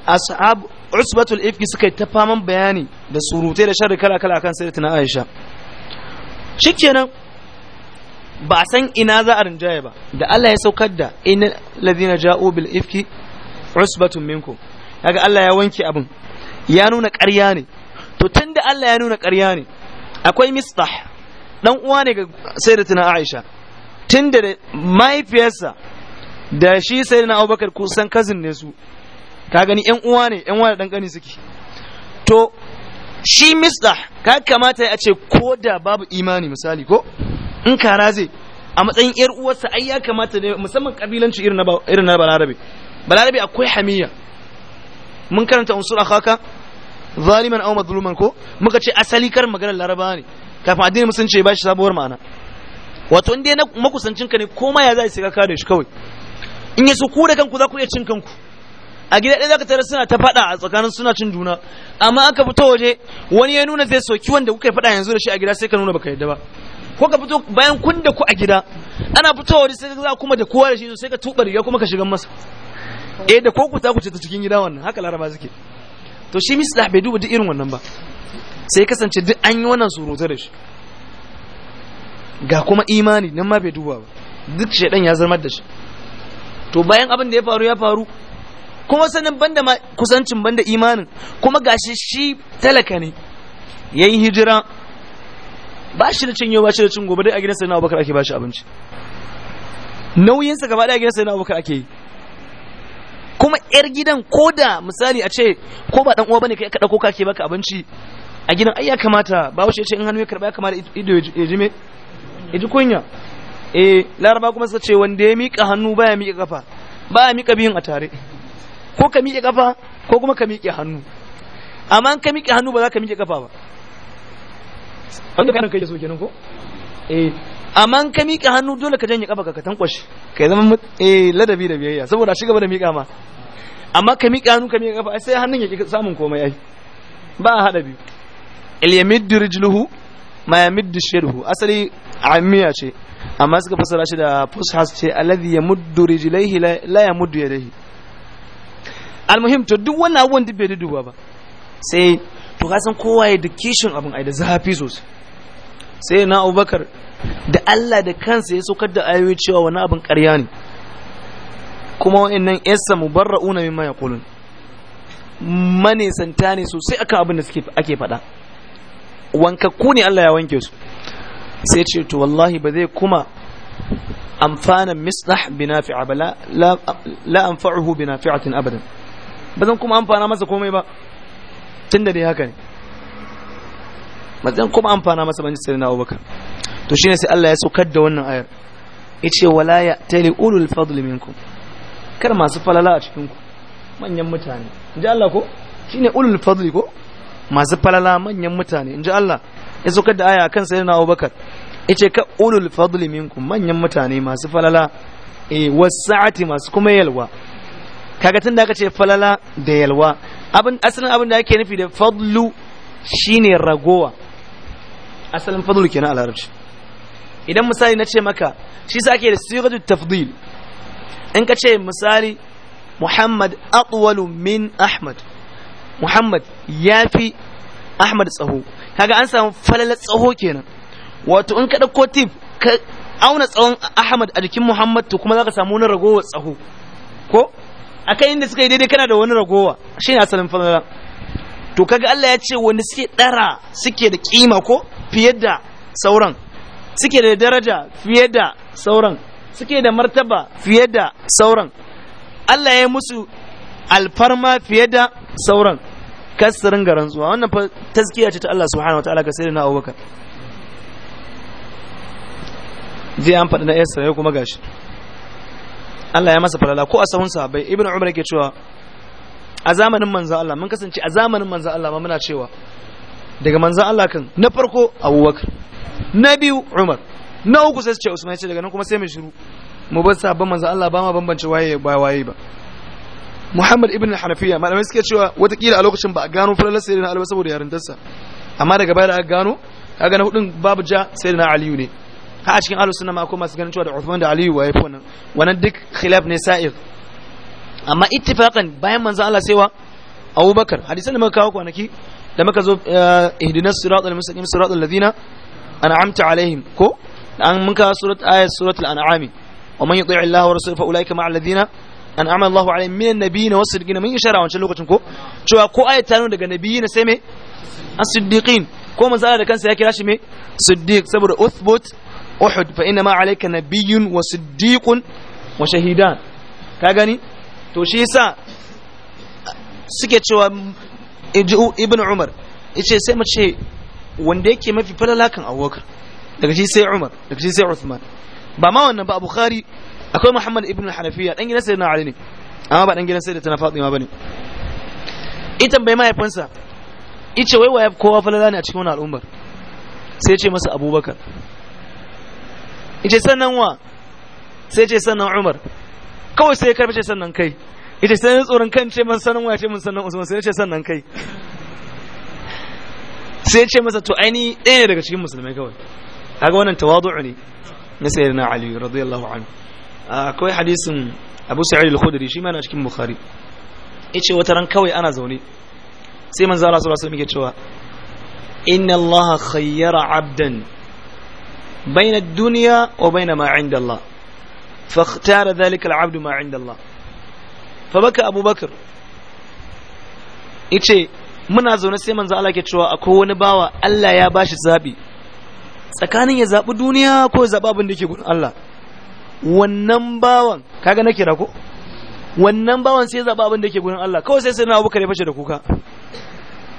ashab usbatul ifki suka yi ta faman bayani da surutai da sharri kala kala kan sayyidatina Aisha shikenan ba a san ina za a rinjaye ba da Allah ya saukar da in ladina ja'u bil ifki usbatun minkum kaga Allah ya wanke abun. ya nuna ƙarya ne to tunda Allah ya nuna ƙarya ne akwai mistah dan uwa ne ga sayyidatina Aisha tunda mahaifiyarsa da shi sayyidina Abubakar kusan cousin ne su ka gani yan uwa ne yan uwa da dan gani suke to shi mistah ka kamata ya ce ko da babu imani misali ko in kara zai a matsayin yar uwarsa ai ya kamata ne musamman kabilanci irin na irin na balarabe balarabe akwai hamiya mun karanta sura akhaka zaliman aw mazluman ko muka ce asali kar maganar laraba ne kafin addini musulunci ya bashi sabuwar ma'ana wato inda dai na makusancinka ne koma ya za ka kare shi kawai in ya su ku da kanku za ku iya cin kanku a gida ɗaya zaka tare suna ta faɗa a tsakanin suna cin juna amma aka fito waje wani ya nuna zai soki wanda kuka faɗa yanzu da shi a gida sai ka nuna baka yadda ba ko ka fito bayan kun da ku a gida ana fitowa wani sai za kuma da kowa da shi sai ka tuba riga kuma ka shiga masa eh da ko ku ta kuce ta cikin gida wannan haka laraba suke to shi mislah bai duba duk irin wannan ba sai kasance duk an yi wannan surutu da shi ga kuma imani nan ma bai duba ba duk shaidan ya zama da shi to bayan abin da ya faru ya faru kuma sanin banda ma kusancin banda imanin kuma gashi shi talaka ne yayin hijira ba shi da cin yau ba shi da cin gobe dai a gidan sayyidina abubakar ake ba shi abinci nauyinsa gaba daya gidan sayyidina abubakar ake yi kuma yar gidan ko da misali a ce ko ba dan uwa bane kai ka dauko kake baka abinci a gidan ai ya kamata ba wuce ce in hannu ya karba ya kamata ido ya jime ya ji kunya eh laraba kuma suka ce wanda ya mika hannu baya mika kafa baya mika biyun a tare ko ka mika kafa ko kuma ka mika hannu amma in ka mika hannu ba za ka mika kafa ba wanda kanin kai so kenan ko eh amma ka miƙa hannu dole ka janye kafa ka tankwashi ka zama eh ladabi da biyayya saboda shi gaba da miƙa ma amma ka miƙa hannu ka miƙa kafa sai hannun ya ki samun komai ai ba a hada biyu il yamiddu rijluhu ma yamiddu shirhu asali amiya ce amma suka fasara shi da fushas ce alladhi yamuddu rijlaihi la yamuddu yadayhi almuhim to duk wannan abubuwan duk bai duba ba sai to kasan kowa ya da kishin abin ai da zafi sosai sai na abubakar da allah da kansa ya saukar da ayoyi cewa wani abin karya ne kuma wa'annan yasa mubarra'una mimma yaqulun manisanta ne sosai akan abin da suke ake faɗa wankakku ne Allah ya wanke su sai ce to wallahi ba zai kuma amfana mislah bi nafi'a ba la anfa'uhu bi nafi'atin abadan ba zan kuma amfana masa komai ba tun da dai haka ne matsayin kuma amfana masa banji sai na abubakar to shine sai Allah ya saukar da wannan ayar yace wala ya tali ulul fadl minkum kar masu falala a cikin ku manyan mutane inji Allah ko shine ulul fadli ko masu falala manyan mutane inji Allah ya saukar da aya kan sayyidina Abubakar yace ka ulul fadl minkum manyan mutane masu falala eh wasa'ati masu kuma yalwa kaga tunda aka ce falala da yalwa abin asalin abin da yake nufi da fadlu shine ragowa asalin fadlu kenan a larabci idan misali na ce maka shi sa ake da siratu tafdil in ka ce misali muhammad atwalu min ahmad muhammad ya fi ahmad tsaho kaga an samu falala tsaho kenan wato in ka ɗauko tif ka auna tsawon ahmad a jikin muhammad to kuma za ka samu na ragowar tsaho ko akan inda suka yi daidai kana da wani ragowa shine asalin falala to kaga Allah ya ce wani suke dara suke da kima ko fiye da sauran suke da daraja fiye da sauran suke da martaba fiye da sauran Allah ya musu alfarma fiye da sauran kasirin garin zuwa wannan fa tazkiya ce ta Allah subhanahu wataala ga sayyidina Abubakar zai an faɗi na Esther kuma gashi Allah ya masa falala ko a sahun sahabbai ibn umar yake cewa a zamanin manzo Allah mun kasance a zamanin manzo Allah ma muna cewa daga manzo Allah kan na farko Abubakar na biyu Umar na uku sai ce Usman ya ce daga nan kuma sai mai shiru mu bar sabon manzo Allah ba ma bambance waye ba waye ba Muhammad ibn Hanafiya malamai suke cewa watakila a lokacin ba a gano falalar sayyidina Ali saboda yarintarsa amma daga baya da aka gano aka gano hudun babu ja sayyidina Aliyu ne ha a cikin ahlus sunna ma akwai masu ganin cewa da Uthman da Aliyu waye wannan wannan duk khilaf ne sa'ir amma ittifaqan bayan manzon Allah sai wa Abubakar hadisan da muka kawo kwanaki da muka zo eh, ihdinas siratal mustaqim siratal ladina an'amta alaihim ko an muka surat ayat suratul an'ami wa man yuti' Allah wa rasulahu fa ulaika ma'al ladina an'ama Allah alaihim minan nabiyina was siddiqina wancan lokacin ko cewa ko ayat ta daga nabiyina sai me as-siddiqin ko manzo Allah da kansa ya kira shi me siddiq saboda uthbut uhud fa inna ma alayka nabiyyun wa siddiqun wa shahidan ka gani to shi yasa suke cewa ibn umar yace sai mu ce wanda yake mafi falala kan abubakar daga shi sai umar daga shi sai uthman ba ma wannan ba bukhari akwai muhammad ibn al-hanafiya dan gidan sayyidina ali ne amma ba dan gidan sayyidina fatima bane ita bai mahaifinsa yace wai waye kowa falala ne a cikin wannan al'ummar sai ya ce masa abubakar ce sannan wa sai ce sannan Umar kawai sai karfi ce sannan kai yace sai tsoron kan ce man sannan wa ce mun sannan Usman sai ce sannan kai sai ce masa to aini ɗaya daga cikin musulmai kawai kaga wannan tawadu'u ne na sayyidina Ali radiyallahu anhu akwai hadisin Abu Sa'id al-Khudri shi ma na cikin Bukhari yace wata ran kawai ana zaune sai manzo Allah sallallahu alaihi wasallam yake cewa inna Allah khayyara 'abdan بين الدنيا وبين ما عند الله فاختار ذلك العبد ما عند الله فبكى أبو بكر ice muna zaune sai manzo ala ke cewa akwai wani bawa Allah ya bashi zabi tsakanin ya zabi duniya ko ya zabi abin da yake gurin Allah wannan bawan kaga na kira ko wannan bawan sai ya zabi abin da yake gurin Allah kawai sai na Abubakar ya fashe da kuka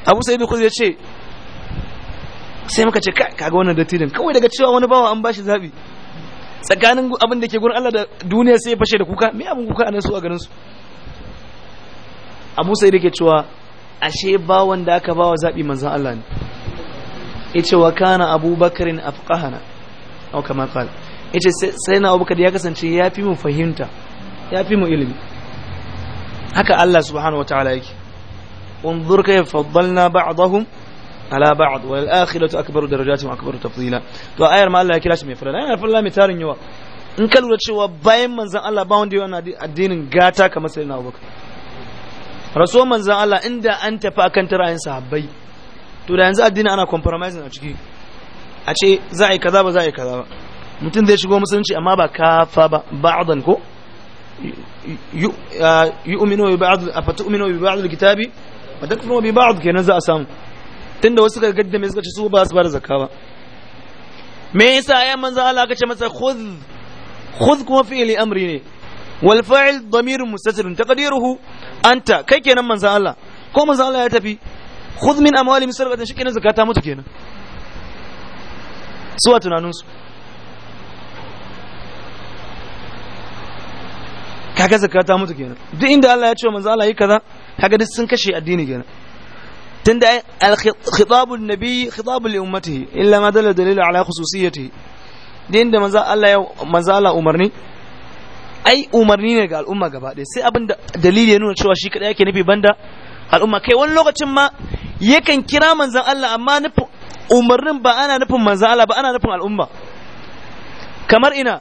Abu Sa'id al ya ce sai muka ce kaga wannan dattijan kawai daga cewa wani bawa an bashi zabi tsakanin abin da ke gurin Allah da duniya sai ya fashe da kuka me abin kuka a su a garin su Abu Sa'id yake cewa ashe bawan da aka bawa zabi manzon Allah ne yace wa kana Abu Bakrin afqahana aw kama qala yace sai na Abu Bakar ya kasance ya fi mu fahimta ya fi mu ilimi haka Allah subhanahu wataala yake unzur kayfa faddalna ba'dahum ala ba'd wal akhiratu akbaru darajatin wa akbaru tafdila to ayar ma Allah ya kira shi mai falala yana falala mai tarin yawa in ka lura cewa bayan manzon Allah ba wanda yawan addinin gata kamar sayyidina Abubakar rasuwar manzon Allah inda an tafi akan tarayin sahabbai to da yanzu addini ana compromising a ciki a ce za a yi kaza ba za a yi kaza ba mutum zai shigo musulunci amma ba kafa ba ba'dan ko yu'minu bi ba'd afatu'minu bi ba'd alkitabi wa takfuruna bi ba'd kenan za a samu tunda wasu suka gaddame suka ci su ba su ba da zakka ba me yasa ya manzo Allah ka ce masa khudh khudh kuma fi'li amri ne wal fa'il damir mustatir taqdiruhu anta kai kenan manzo Allah ko manzo Allah ya tafi khudh min amwali misraqatan shi kenan zakata mutu kenan suwa tunanin su kaga zakata mutu kenan duk inda Allah ya ce manzo Allah yi kaza kaga duk sun kashe addini kenan تندى خطاب nabi خطاب ummatihi illa ما دل دليل على خصوصيته din da manzo Allah umarni ai umarni ne ga al'umma gaba sai abinda da dalili ya nuna cewa shi kadai yake nufi banda al'umma kai wani lokacin ma yakan kira manzan Allah amma nufin umarnin ba ana nufin manzon Allah ba ana nufin al'umma kamar ina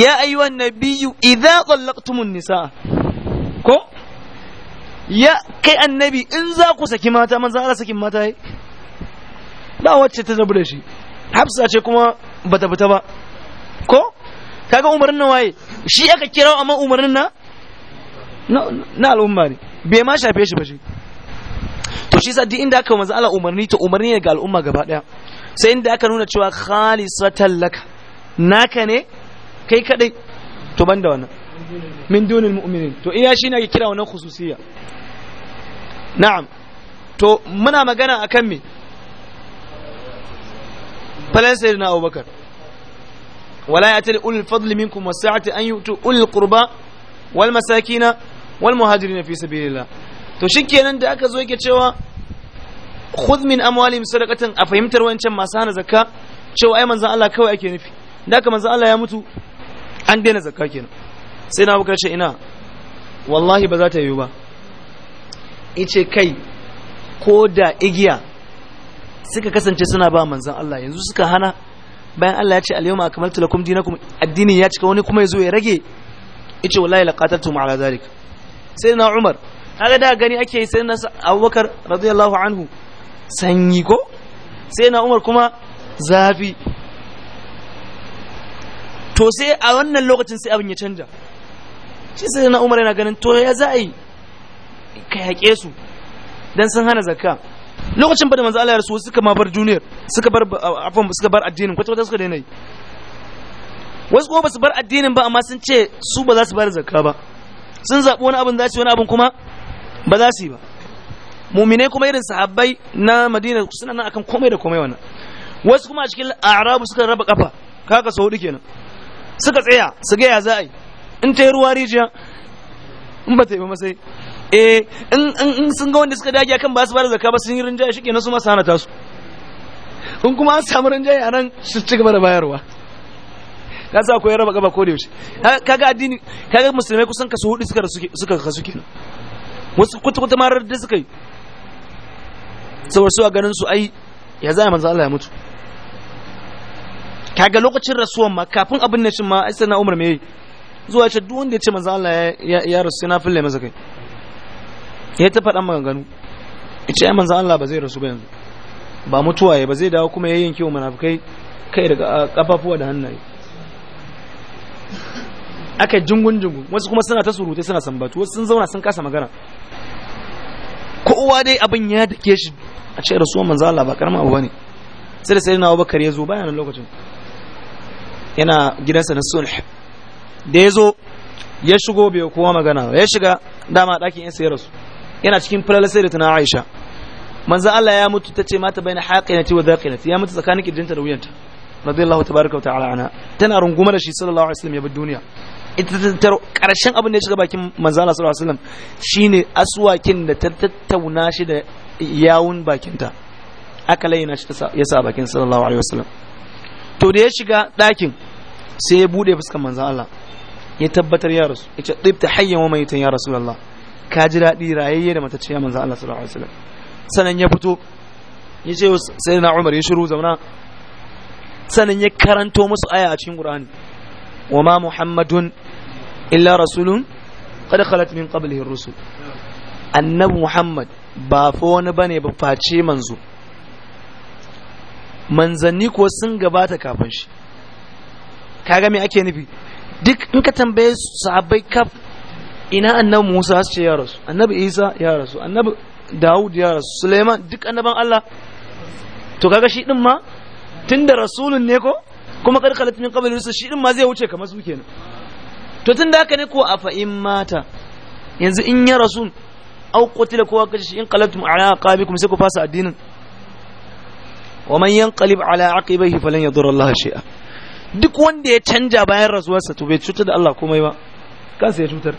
ya ayyuhan nabiyu idza tallaqtumun nisa ko ya kai annabi in za ku saki mata manzan Allah sakin mata yi ba wacce ta zabu da shi hafsa ce kuma bata fita ba ko kaga umarnin na waye shi aka kira amma umarnin na na al'umma ne bai ma shafe shi ba shi to shi sadi inda aka maza ala umarni to umarni ne ga al'umma gaba daya sai inda aka nuna cewa khalisatan laka naka ne kai kadai to banda wannan min dunil mu'minin to iya shine ake kira wannan khususiyya na'am to muna magana akan me falan na abubakar wala ya tali ulul fadli minkum wasa'ati an yutu ulul qurba wal masakina wal muhajirin fi sabilillah to shikenan da aka zo yake cewa khudh min amwalihim sadaqatan a fahimtar wancan masu hana zakka cewa ai manzon Allah kawai ake nufi da haka manzon Allah ya mutu an daina zakka kenan sai na abubakar ce ina wallahi ba za ta yiwu ba ice kai ko da igiya suka kasance suna ba manzan Allah yanzu suka hana bayan Allah ya ce al-yawma akmaltu lakum dinakum addini ya cika wani kuma yazo ya rage yace wallahi laqataltum ala zalik sai na Umar kaga da gani ake sai na Abubakar radiyallahu anhu sanyi ko sai na Umar kuma zafi to sai a wannan lokacin sai abin ya canja shi sai na Umar yana ganin to ya zai. yi ka yaƙe su dan sun hana zakka lokacin bada da manzo Allah ya rasu suka ma bar duniyar suka bar afan suka bar addinin kwata kwata suka daina yi wasu kuma ba su bar addinin ba amma sun ce su ba za su bar zakka ba sun zaɓi wani abin za su yi wani abin kuma ba za su yi ba muminai kuma irin sahabbai na madina suna nan akan komai da komai wannan wasu kuma a cikin arabu suka raba kafa kaka sau duke nan suka tsaya su ga ya za a yi in ta yi ruwa rijiya in ba ta yi ba masai eh in sun ga wanda suka dage akan ba su ba da zakka ba sun yi rinjaye shi kenan su ma su hana tasu in kuma an samu rinjaye a nan su ci gaba da bayarwa ka sa ko ya raba gaba ko da yaushe kaga addini kaga musulmai kusan kaso hudu suka suka kasu kenan wasu kuta kuta marar da suka yi saboda suwa ganin su ai ya zai manzo Allah ya mutu kaga lokacin rasuwan ma kafin abin nan shin ma ai sai na Umar me zuwa ce duk wanda ya ce manzo Allah ya ya rasu sai na fille masa kai ya ta faɗan maganganu ce ya manzan Allah ba zai rasu ba yanzu ba mutuwa ya ba zai dawo kuma ya yanke wa munafukai kai daga kafafuwa da hannaye aka jingun jingun wasu kuma suna ta surutai suna sambatu wasu sun zauna sun kasa magana kowa dai abin ya dake shi a ce rasuwa manzan Allah ba karamin abu bane sai da sai na Abubakar ya zo bayan lokacin yana gidansa na sulh da ya zo ya shigo bai kowa magana ya shiga dama ɗakin yansa ya rasu. yana cikin falalasai da na Aisha manzo Allah ya mutu ta ce mata bayna haqinati wa dhaqinati ya mutu tsakanin ƙirjinta da wuyanta radiyallahu tabaraka wa ta'ala anha tana runguma da shi sallallahu alaihi wasallam ya bi duniya ita karshen abin da ya shiga bakin manzo Allah sallallahu alaihi wasallam shine aswakin da ta tattauna shi da yawun bakinta aka layyana shi ya sa bakin sallallahu alaihi wasallam to da ya shiga ɗakin sai ya buɗe fuskar manzo Allah ya tabbatar ya rasu ya ce tsibta hayyan wa mayitan ya rasulullah ka ji daɗi rayayye da ya manzan Allah sallallahu alaihi wasallam sanan ya fito ya ce sai na Umar ya shiru zauna sanan ya karanto musu aya a cikin Qur'ani wa ma Muhammadun illa rasulun qad khalat min qablihi ar-rusul annabi Muhammad ba fa wani bane ba face manzo manzanni ko sun gabata kafin shi kaga me ake nufi duk in ka tambaye sahabbai kaf ina annabi Musa su ce ya rasu annabi Isa ya rasu annabi Dawud ya rasu Suleiman duk annaban Allah to kaga shi din ma tunda rasulun ne ko kuma kada khalat min qabl rusul shi din ma zai wuce kamar su kenan to tunda haka ne ko a fa in mata yanzu in ya rasul au qutila ko kaga shi in qalatum ala aqabikum sai ku fasa addinin wa man yanqalib ala aqibihi falan yadurra Allah shay'a duk wanda ya canja bayan rasuwarsa to bai cutar da Allah komai ba kansa ya cutar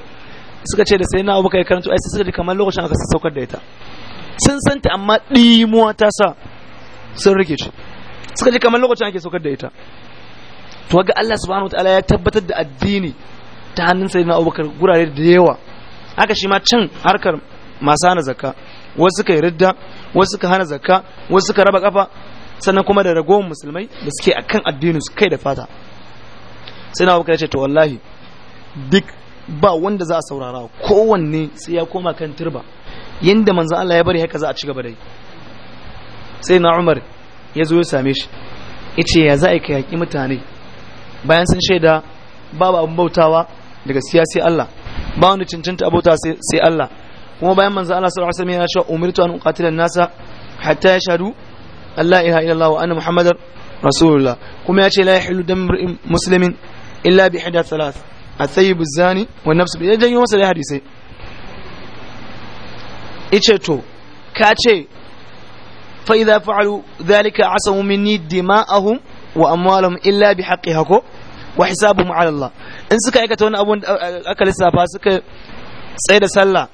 suka ce da sai na kai karanto ai sai suka kamar lokacin aka saukar da ita sun santa amma dimuwa ta sa sun shi suka ji kamar lokacin ake saukar da ita to ga Allah subhanahu wataala ya tabbatar da addini ta hannun sayyidina Abubakar gurare da yawa haka shi ma can harkar masu hana zakka wasu suka yi ridda wasu suka hana zakka wasu suka raba kafa sannan kuma da ragowar musulmai da suke akan addinin su kai da fata sai na abubakar ce to wallahi duk ba wanda za a saurara kowanne sai ya koma kan turba yadda manzo Allah ya bari haka za a ci gaba da yi sai na umar ya zo ya same shi ya ce ya za a ka yaki mutane bayan sun shaida babu abin bautawa daga siyasi Allah ba wani cancanta abota sai Allah kuma bayan manzo Allah sallallahu alaihi wasallam ya sha umirtu an uqatila nasa hatta yashhadu an la ilaha illallah wa anna muhammadar rasulullah kuma ya ce la yahillu damar muslimin illa bi hada thalath at-tayyib az-zani wa nafsu ya janyo masa da hadisai ice to ka ce fa idza fa'alu dhalika asamu minni dima'ahum wa amwalahum illa bi haƙi hako wa hisabu 'ala Allah in suka aikata wani abun aka lissafa suka tsaye da sallah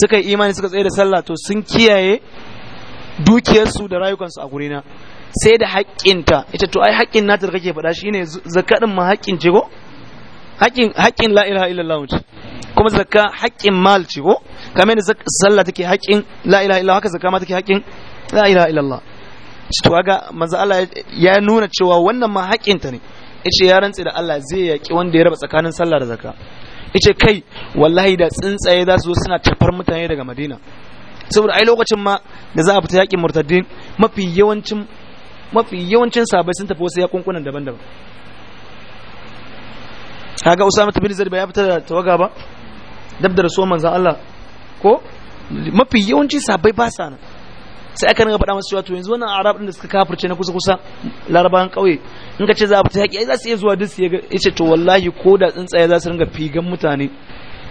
suka yi imani suka tsaye da sallah to sun kiyaye dukiyarsu da rayukansu a gurina sai da haƙƙinta ita to ai haƙƙin nata da kake faɗa shine zakadin ma haƙƙin ce ko haƙƙin haƙƙin la ilaha illallah ce kuma zakka haƙƙin mal ce ko kamar yadda sallah take haƙƙin la ilaha illallah haka zakka ma take haƙƙin la ilaha illallah to ga manzo Allah ya nuna cewa wannan ma haƙƙin ta ne yace ya rantsi da Allah zai yaƙi wanda ya raba tsakanin sallah da zakka yace kai wallahi da tsuntsaye za su zo suna tafar mutane daga Madina saboda ai lokacin ma da za a fita yaƙin murtaddin mafi yawancin mafi yawancin sabai sun tafi wasu yakunkunan daban-daban kaga usama bin zaid ba ya fita da tawaga ba dab da rasuwar Allah ko mafi yawanci sabai ba sa nan sai aka ringa faɗa masu cewa to yanzu wannan arab din da suka kafirce na kusa kusa larabawan ƙauye in ka ce za a fita yaƙi ai za su iya zuwa duk su ya ce to wallahi ko da tsuntsaye za su ringa figan mutane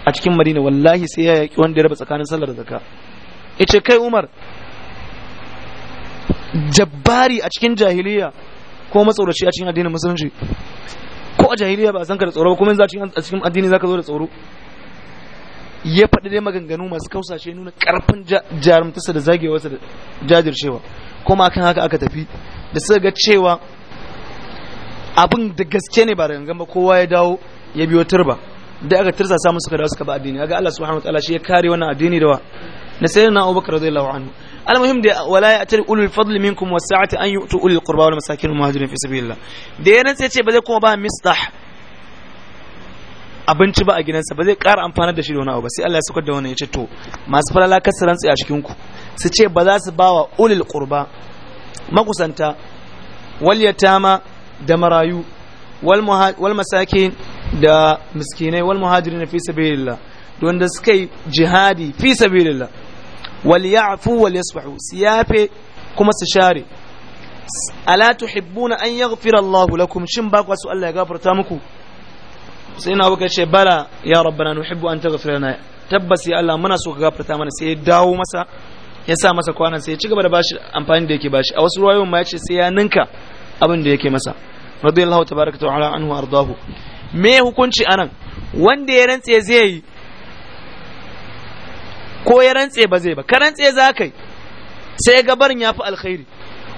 a cikin madina wallahi sai ya yaƙi wanda ya raba tsakanin sallar zakka ya ce kai umar jabbari a cikin jahiliya ko matsoraci a cikin addinin musulunci ko a jahiliya ba san ka da tsoro kuma za a cikin addini zaka zo da tsoro ya faɗi dai maganganu masu kausashe nuna ƙarfin jarumtarsa da zagewarsa da jajircewa kuma akan haka aka tafi da suka ga cewa abin da gaske ne ba da gangan ba kowa ya dawo ya biyo turba da aka tursa samu suka dawo suka ba addini ga Allah subhanahu wataala shi ya kare wannan addini da wa na sayyidina Abubakar radiyallahu anhu almuhim da wala ya atari ulul fadli minkum wasa'ati an yu'tu ulul qurba wal masakin muhajirin fi sabilillah da ya rantsa ce ba zai kuma ba mistah abinci ba a gidansa ba zai ƙara amfanar da shi da wani abu ba sai Allah ya saukar da wannan ya ce to masu falala kar su rantsa a cikin ku su ce ba za su bawa wa ulul qurba makusanta wal yatama da marayu wal masakin da miskinai wal muhajirin fi sabilillah wanda suka yi jihadi fi sabilillah wal ya'fu wal yasfahu su yafe kuma su share ala tuhibbuna an yaghfira Allahu lakum shin ba ku su Allah ya gafarta muku sai na buka ce bala ya rabbana nuhibbu an taghfir lana tabbas ya Allah muna so ka gafarta mana sai ya dawo masa ya sa masa kwanan sai ya ci gaba da bashi amfani da yake bashi a wasu ruwayoyin ma ya ce sai ya ninka abin da yake masa radiyallahu tabaraka ta'ala anhu ardahu me hukunci anan wanda ya rantse zai yi ko ya rantse ba zai ba ka rantse za ka yi sai ga barin ya fi alkhairi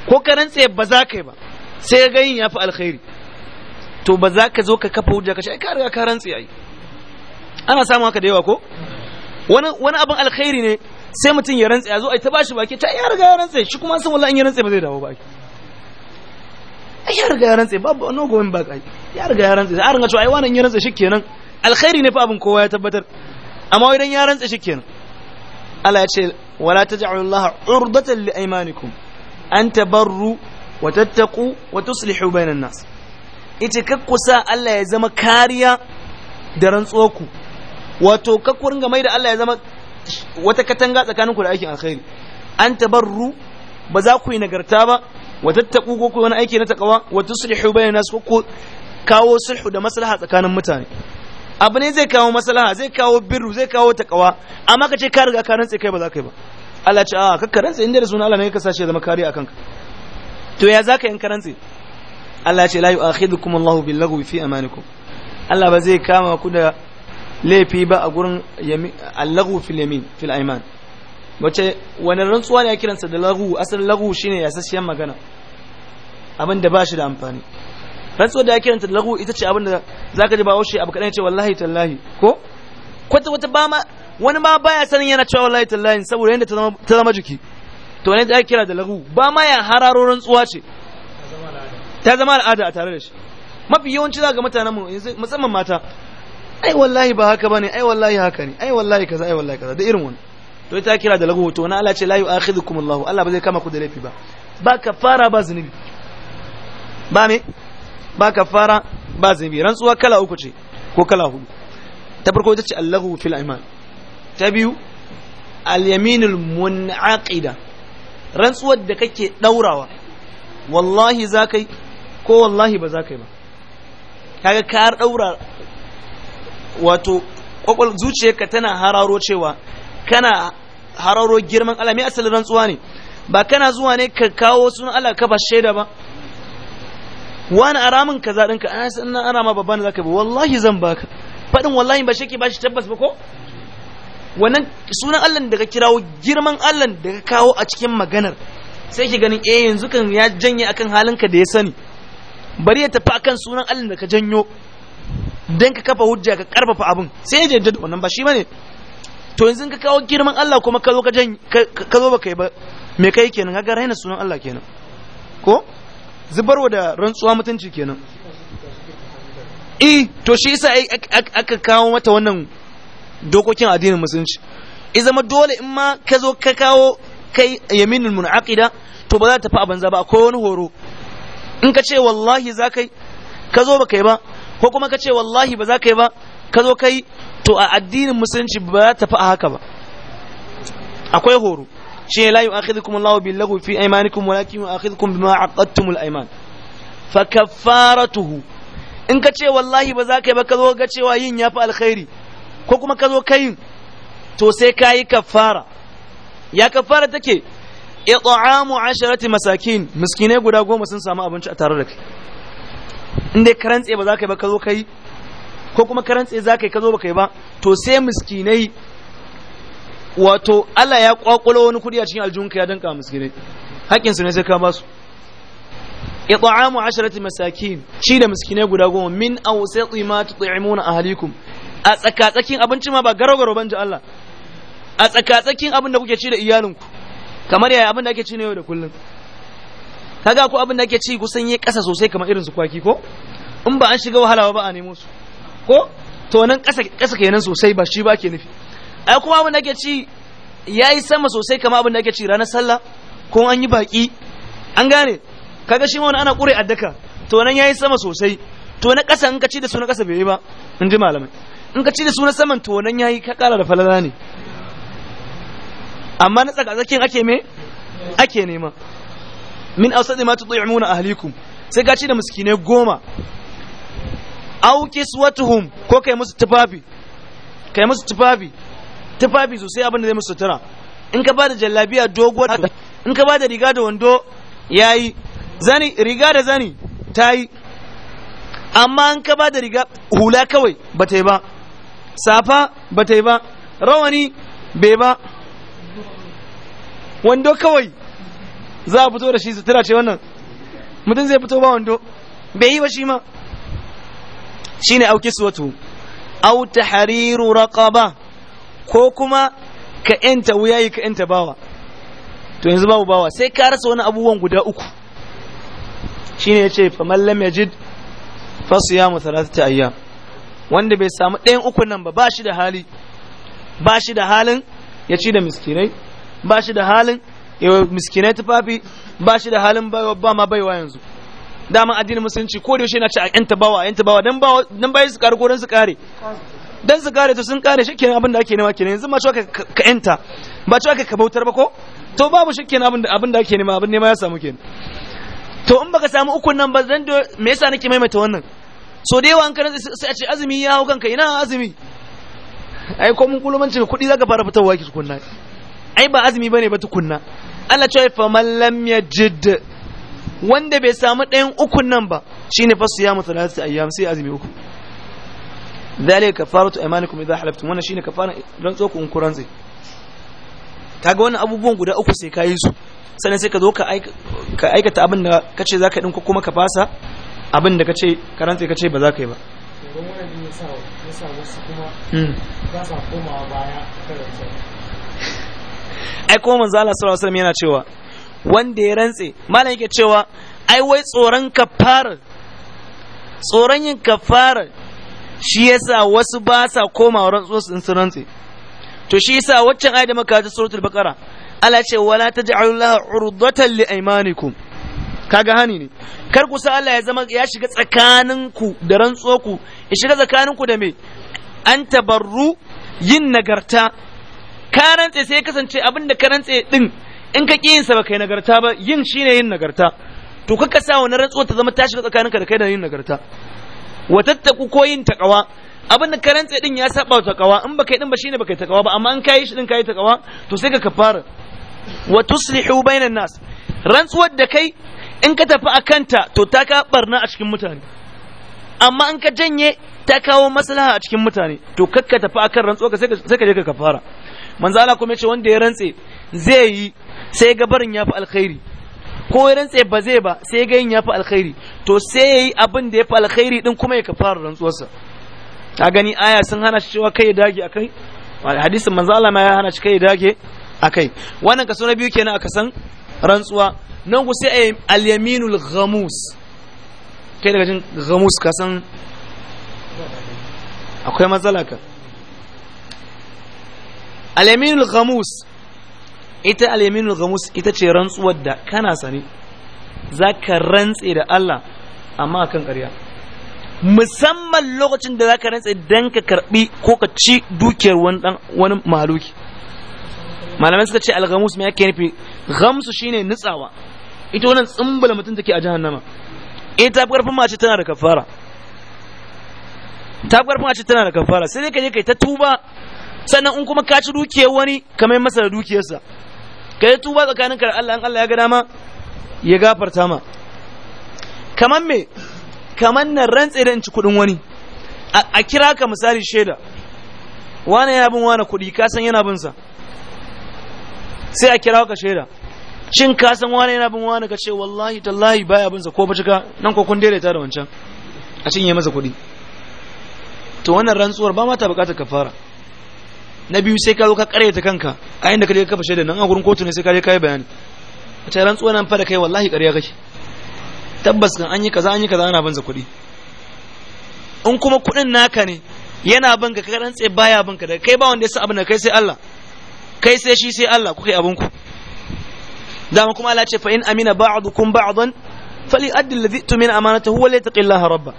ko ka rantse ba za ka yi ba sai ga yin ya fi alkhairi to ba za ka zo ka kafa hujja ka ce ka riga ka rantse ai ana samun haka da yawa ko wani wani abin alkhairi ne sai mutum ya rantse ya zo ai ta bashi baki ta ya riga ya rantse shi kuma san wallahi in ya rantse ba zai dawo ba ai ya riga ya rantse babu no going back ai ya riga ya rantse a ringa cewa ai wannan ya rantse shikenan alkhairi ne fa abin kowa ya tabbatar amma idan ya rantse shikenan Allah ya ce wala taj'alullaha urdatan li aymanikum an tabarru wa tattaqu wa tuslihu bainan nas ita kakku Allah ya zama kariya da rantsuwarku wato kakku ringa mai da Allah ya zama wata katanga tsakaninku da aikin alkhairi an tabarru ba za ku yi nagarta ba wa tattaku ko ku wani aiki na takawa wa tuslihu bainan nas ko kawo sulhu da maslaha tsakanin mutane abu ne zai kawo maslaha zai kawo birru zai kawo takawa amma ka ce ka riga ka rantse kai ba za ka yi ba Allah ce a ah, kakka rantse inda da suna Allah ne ka sashi zama kariya akan ka to ya za ka yin karantse Allah ce la yu'akhidhukum Allahu bil lagwi fi amanikum Allah ba zai kama ku da laifi ba a gurin al-lagwu fil yamin fil ayman wace wani rantsuwa ne ya kiransa da lagwu asalin lagwu shine yasasshen magana abin da ba shi da amfani rantsuwar da ya kiranta da lagu ita ce abin da za ka ji ba washe abu kaɗan ce wallahi tallahi ko kwata wata ba ma wani ma baya sanin yana cewa wallahi tallahi saboda yadda ta zama jiki to ne da ya kira da lagu ba ma ya hararo rantsuwa ce ta zama al'ada a tare da shi mafi yawanci za ga mutanen mu musamman mata ai wallahi ba haka bane ai wallahi haka ne ai wallahi kaza ai wallahi kaza da irin wani to ita kira da lagu to wani Allah ce la yu'akhidhukum Allah Allah ba zai kama ku da laifi ba ba kafara ba zunubi ba me ba kafara ba zunubi rantsuwa kala uku ce ko kala hudu ta farko ita ce allahu fil iman ta biyu al-yaminul munaqida rantsuwar da kake daurawa wallahi za kai ko wallahi ba za kai ba kaga ka daura wato kwakwal zuciyarka tana hararo cewa kana hararo girman Allah Me asalin rantsuwa ne ba kana zuwa ne ka kawo sunan Allah ka ba shaida ba wani ka zaɗin ka a ah, san nan arama babba ne zaka bi wallahi zan baka faɗin wallahi ba shake ba shi tabbas ba ko wannan sunan allan da ka kirawo girman allan da ka kawo a cikin maganar sai ki ganin eh yanzu kan ya janye akan halinka da ya sani bari ya tafi akan sunan allan da ka janyo dan ka kafa hujja ka karfafa abin sai ya jaddada wannan ba shi bane to yanzu ka kawo girman Allah kuma ka zo ka zo ba kai ba me kai kenan ga raina sunan Allah kenan ko zubarwa da rantsuwa mutunci kenan eh to shi yasa aka kawo mata wannan dokokin addinin musulunci Izama zama dole in ma ka zo ka kawo kai yaminul munaqida to ba za ta fa banza ba akwai wani horo in ka ce wallahi za kai ka zo ba kai ba ko kuma ka ce wallahi ba za kai ba ka zo kai to a addinin musulunci ba za ta fa haka ba akwai horo shi la yu'akhidhukum Allahu bil lagwi fi aymanikum walakin yu'akhidhukum bima al ayman fa kaffaratuhu in ka ce wallahi ba za ka yi ba ka zo ga cewa yin yafi alkhairi ko kuma ka zo kai to sai ka yi kaffara ya kaffara take it'amu asharati masakin miskinai guda goma sun samu abinci a tare da kai in dai karantse ba za ka yi ba ka zo kai ko kuma karantse za ka yi ka zo ba kai ba to sai miskinai wato Allah ya kwakwalo wani kudi a cikin aljunka ya danka miskinai hakkin su ne sai ka ba su it'amu asharati masakin shi da miskinai guda goma min awsati ma tut'imuna ahlikum a tsakatsakin abinci ma ba garo-garo ban ji Allah a tsakatsakin abin da kuke ci da iyalinku kamar yaya abin da ake ci ne yau da kullum kaga ko abin da ake ci kusan yi ƙasa sosai kamar irin su kwaki ko in ba an shiga wahala ba a nemo su ko to nan ƙasa ƙasa kenan sosai ba shi ba ke nufi ai kuma abin da ake ci ya yi sama sosai kama abin da ake ci ranar sallah ko an yi baki an gane kaga shi wani ana kure addaka to nan yi sama sosai to na ƙasa in ka ci da su na ƙasa bai yi ba in ji malamai in ka ci da su na saman to nan yi ka ƙara da falala ne amma na tsakatsakin ake me ake nema min ausadi ma muna ahlikum sai ka ci da miskine goma aw kiswatuhum ko kai musu tufafi kai musu tufafi tufafi sosai abin da zai musu sutura in ka bada jallabiya dogo in ka bada riga da wando yayi zani riga da zani ta yi. amma in ka bada riga hula kawai ba ta yi ba safa ba ta yi ba rawani bai ba wando kawai za a fito da shi sutura ce wannan mutum zai fito ba wando bai yi ba shi ma shine auki suwatu au tahriru raqaba ko kuma ka yanta wuyayi ka yanta bawa to yanzu babu bawa sai ka rasa wani abubuwan guda uku Shi ne shine yace faman lam yajid fa siyamu thalathata ayya, wanda bai samu ɗayan ukun nan ba ba shi da hali ba shi da halin ya ci da miskinai ba shi da halin ya miskinai tufafi ba shi da halin ba ma baiwa yanzu dama addinin musulunci ko da yaushe na ci a yanta bawa a yanta bawa dan bawa dan su kare ko dan su kare dan su kare to sun kare shi kenan abin da ake nema kenan yanzu ma cewa ka enter ba cewa ka kabautar ba ko to babu shi kenan abin da ake nema abin nema ya samu kenan to in baka samu ukun nan ba zan me yasa nake maimaita wannan so da yawa an kana sai a ce azumi ya hau kanka ina azumi ai ko mun kulumancin kuɗi zaka fara fitowa ki tukunna ai ba azumi bane ba tukunna Allah cewa fa man lam yajid wanda bai samu ɗayan ukun nan ba shine fa ya mutalasi ayyam sai azumi uku zalika kafaratu aymanikum idha halaftum wannan shine kafaran don tsoko in kuran zai kaga wannan abubuwan guda uku sai kayi su sannan sai ka zo ka aikata abin da kace zaka din ko kuma ka fasa abin da kace karanta kace ba za ka yi ba ai kuma manzo Allah sallallahu alaihi wasallam yana cewa wanda ya rantse malam yake cewa ai wai tsoron kafara tsoron yin kafara shi yasa wasu ba sa komawa su in sun rantse to shi yasa waccan ayi da muka ta suratul baqara Allah ce wala taj'alu urdatan li aymanikum kaga hani ne kar ku sa Allah ya zama ya shiga tsakanin ku da rantsuwa ku ya shiga tsakanin ku da me an tabarru yin nagarta ka rantse sai kasance abinda ka rantse din in ka ƙi yinsa sa baka nagarta ba yin shine yin nagarta to kaka sa wani rantsuwa ta zama ta shiga tsakaninka da kai da yin nagarta wa tattaku ko yin takawa abinda da din ya saba ta takawa in baka yi din ba shine baka yi takawa ba amma in kai shi din kai takawa to sai ka kafara wa tuslihu bainan nas rantsuwar da kai in ka tafi akanta to ta ka barna a cikin mutane amma in ka janye ta kawo maslaha a cikin mutane to kakka tafi akan rantsuwa sai ka je ka kafara manzo Allah kuma yace wanda ya rantse zai yi sai ga barin fi alkhairi ko ya rantse ba zai ba sai ga yin ya fi alkhairi to sai ya yi abin da ya fi alkhairi din kuma ya kafara rantsuwarsa ka gani aya sun hana shi cewa kai ya dage akai hadisin manzo Allah ma ya hana shi kai ya dage akai wannan kaso na biyu kenan aka san rantsuwa nan ku sai al-yaminul ghamus kai daga jin ghamus ka san akwai matsala ka al-yaminul ghamus ita al-yaminul ghamus ita ce rantsuwar da kana sani zaka rantse da Allah amma akan ƙarya musamman lokacin da zaka rantse dan ka karbi ko ka ci dukiyar wani dan wani maluki malamai suka ce al-ghamus me yake nufi gamsu shine nutsawa ita wannan tsumbula mutum take a jahannama ita eh, karfin mace tana da kafara ta karfin mace tana da kafara sai dai ka je kai ta tuba sannan in kuma ka ci dukiyar wani kamar masa da dukiyarsa kai tuba tsakanin da Allah in Allah ya ga dama ya gafarta ma kaman me kaman nan rantse da ci kuɗin wani a kira ka misali shaida wani yana bin wani kuɗi ka san yana bin sa sai a kira ka shaida shin ka san wani yana bin wani ka ce wallahi tallahi baya bin sa ko ba cika nan ko kun daidaita da wancan a cinye masa kuɗi to wannan rantsuwar ba ma ta bukatar kafara na biyu sai ka zo ka karyata kanka a inda ka je ka kafa shaidan nan a gurin kotu ne sai ka je ka yi bayani a ce rantsuwa nan fa kai wallahi ƙarya kake tabbas kan an yi kaza an yi kaza ana banza kuɗi in kuma kuɗin naka ne yana banka ka rantse baya banka da kai ba wanda ya sa abin da kai sai Allah kai sai shi sai Allah kuka yi abin ku dama kuma Allah ce fa in amina ba'dukum ba'dan fali addi alladhi tumina amanatahu wa la yattaqillaha rabba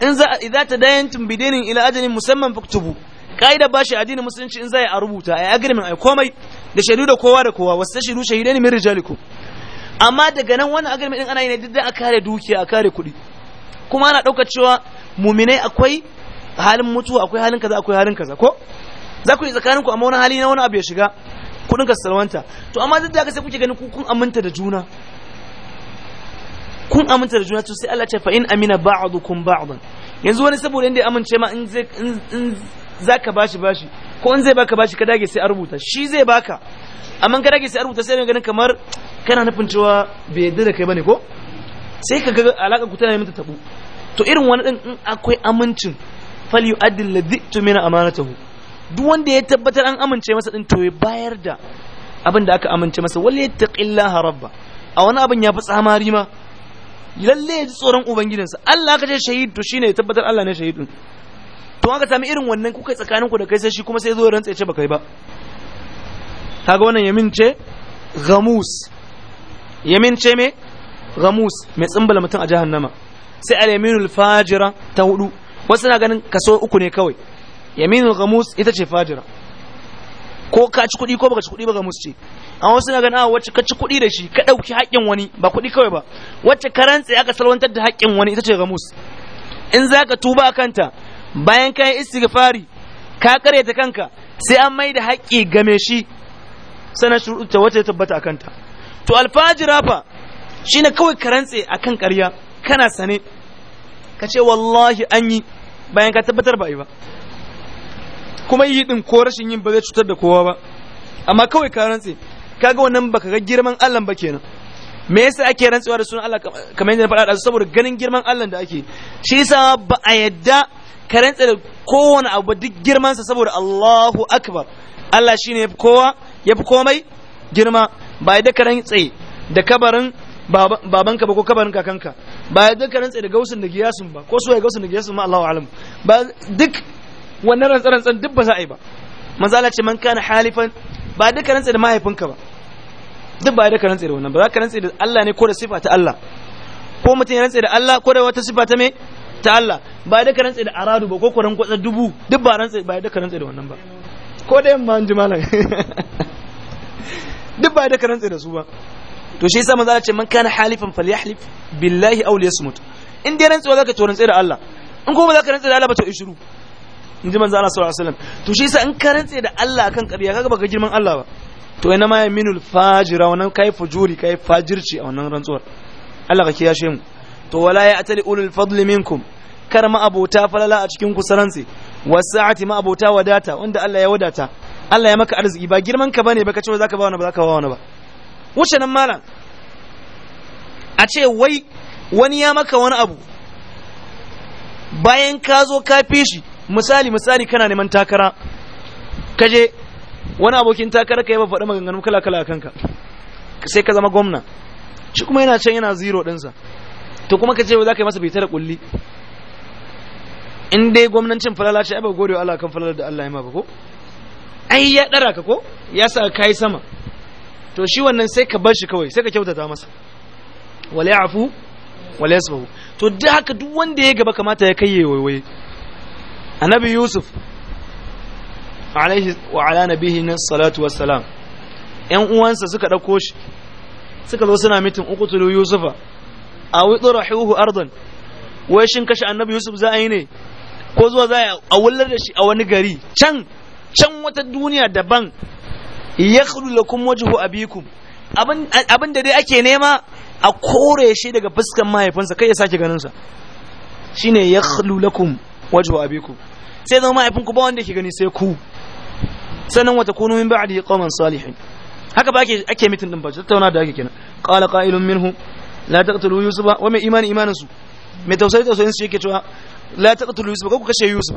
in za idza tadayantum bidinin ila ajalin musamman faktubu ka'idar shi addinin musulunci in zai a rubuta a agreement ai komai da shaidu da kowa da kowa wasu shaidu shahidai ne min rijalikum amma daga nan wannan agreement din ana yi ne duk da a kare dukiya a kare kuɗi kuma ana ɗaukar cewa muminai akwai halin mutuwa akwai halin kaza akwai halin kaza ko za ku yi tsakaninku amma wani hali na wani abu ya shiga kuɗin ka salwanta to amma duk da haka sai kuke ganin ku kun aminta da juna kun aminta da juna to sai Allah ce fa in amina ba'dukum ba'dan yanzu wani saboda inda ya amince ma in za ka bashi bashi ko in zai baka bashi ka dage sai a shi zai baka amma ka dage sai a rubuta sai mai ganin kamar kana nufin cewa bai yarda da kai bane ko sai ka ga alaƙa ku tana mata tabu to irin wani din in akwai amincin fal yu'addil ladhi tumina amanatahu duk wanda ya tabbatar an amince masa din to ya bayar da abin da aka amince masa wal yattaqillaha rabba a wani abin ya fi tsamari ma lalle ya ji tsoron ubangidansa Allah ka ce shahid to shine ya tabbatar Allah ne shahidin to aka sami irin wannan kuka tsakanin ku da kai sai shi kuma sai zo rantsa ya ce ba kai ba kaga wannan yamin ce ghamus yamin ce me ghamus mai tsimbala mutum a jahannama sai al-yaminul fajira ta hudu wasu na ganin kaso uku ne kawai yaminul ghamus ita ce fajira ko ka ci kuɗi ko baka ci kuɗi ba gamus ce an wasu na ganin a ah, wacce ka ci kuɗi da shi ka ɗauki haƙƙin wani ba kuɗi kawai ba wacce ka rantse aka salwantar da haƙƙin wani ita ce gamus in za ka tuba kanta bayan ka yi istighfari ka ta kanka sai an mai da haƙƙi game shi sanar shuruta wata ya tabbata a kanta to alfajira fa shine kawai ka rantse a kan ƙarya kana sane ka ce wallahi an yi bayan ka tabbatar ba yi ba kuma yi din ko rashin yin ba zai cutar da kowa ba amma kawai ka rantse kaga wannan baka ga girman Allah ba kenan me yasa ake rantsewa da sunan Allah kamar yadda faɗa saboda ganin girman Allah da ake shi yasa ba a yadda ka rantsa da kowane abu duk girmansa saboda Allahu akbar Allah shine yafi kowa yafi komai girma ba yadda ka rantsa da kabarin babanka ba ko kabarin kakanka ba yadda ka rantsa da gausun da giyasun ba ko suwaye gausun da giyasun ma Allahu alam ba duk wannan rantsa-rantsan duk ba za a yi ba manzala ce man kana halifan ba yadda ka rantsa da mahaifinka ba duk ba yadda ka rantsa da wannan ba za ka rantsa da Allah ne ko da sifa ta Allah ko mutum ya rantsa da Allah ko da wata sifa ta me ta Allah ba da ka rantse da aradu ba ko ku kwatsa dubu duk ba tsaye ba da ka rantse da wannan ba ko da yamma an ji malam duk ba da ka tsaye da su ba to shi yasa manzo ce man kana halifan falyahlif billahi aw liyasmut in dai rantsuwa zaka to tsaye da Allah in ba zaka tsaye da Allah ba to ishuru in ji manzo Allah sallallahu alaihi wasallam to shi yasa in ka tsaye da Allah kan kariya kaga baka girman Allah ba to ina ma yaminul fajira wannan kai fujuri kai fajirci a wannan rantsuwar Allah ka kiyashe mu to wala ya atali ulul fadli minkum kar ma abota falala a cikin kusaransi wasa'ati ma abota wadata wanda Allah ya wadata Allah ya maka arziki ba girman ka bane ba ka ce zaka ba wani ba zaka ba wani ba wuce nan malam a ce wai wani ya maka wani abu bayan ka zo ka fi shi misali misali kana neman takara kaje wani abokin takara ka yi ba faɗi maganganu kala kala a kanka sai ka zama gwamna shi kuma yana can yana zero ɗinsa to kuma ka ce za ka yi masa tara kulli in dai gwamnancin falala ce ai ba gode Allah kan falalar da Allah ya maka ko ai ya dara ka ko ya sa ka yi sama to shi wannan sai ka bar shi kawai sai ka kyautata masa wala yafu wala yasfahu to da haka duk wanda ya gaba kamata ya kaiye waiwaye annabi yusuf alaihi wa ala nabihi na salatu wassalam ƴan uwansa suka ɗauko shi suka zo suna mitin uqtulu yusufa aw witsura ardan ardon wai shin kashe annabi yusuf za a yi ne ko zuwa za a wullar da shi a wani gari can can wata duniya daban yakhlu lakum wajhu abikum abin da dai ake nema a kore shi daga fuskan mahaifinsa kai ya sake ganinsa shine yakhlu lakum wajhu abikum sai zama mahaifinku ba wanda ke gani sai ku sannan wata kunu min ba'di qauman salihin haka ba ake ake mitin din ba tattauna da ake kenan qala qa'ilun minhum la taqtulu yusufa wa mai imani imanin su mai tausayi tausayin su yake cewa la taqtulu yusufa ko ku kashe yusuf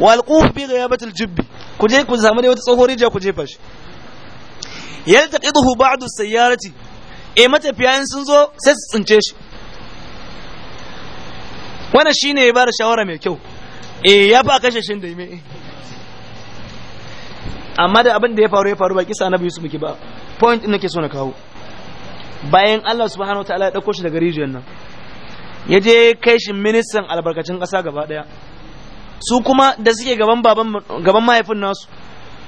wa alquhu bi ghayabati aljubb ku je ku samu dai wata tsohon rijiya ku jefa shi yaltaqiduhu ba'du sayyarati eh matafiyan sun zo sai su tsince shi wannan shine ya bada shawara mai kyau eh ya fa kashe shin da me eh amma da abin da ya faru ya faru ba kisa biyu yusuf muke ba point din nake so na kawo bayan Allah subhanahu wataala ya dauko shi daga rijiyar nan ya je kai shi ministan albarkacin ƙasa gaba ɗaya su kuma da suke gaban baban gaban mahaifin nasu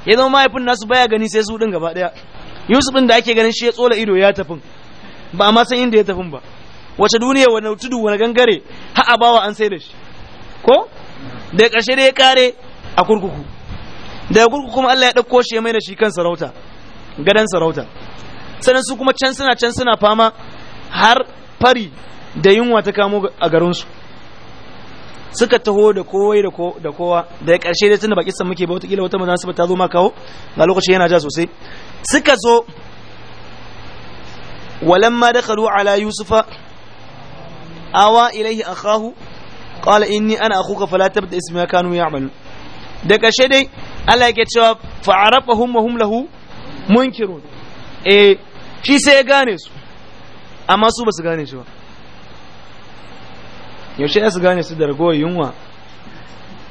ya zama mahaifin nasu baya gani sai su din gaba ɗaya Yusuf din da ake ganin shi ya tsola ido ya tafin ba ma san inda ya tafin ba wace duniya wani tudu wani gangare ha bawa an sai da shi ko da ƙarshe da ya kare a kurkuku daga kurkuku kuma Allah ya dauko shi ya mai da shi kan sarauta gadan sarauta sannan su kuma can suna can suna fama har fari da yunwa ta kamo a garinsu suka taho da kowai da kowa da ya ƙarshe dai tunda baki san muke ba watakila wata maza su ta zo ma kawo ga lokaci yana ja sosai suka zo walamma dakhalu ala yusufa awa ilaihi akahu qala inni ana akuka fala tabda isma kanu ya'malun da ƙarshe dai Allah yake cewa fa'arafahum wa hum lahu munkirun eh shi sai ya gane su amma su ba su gane shi ba yaushe ya su gane su da ragowar yunwa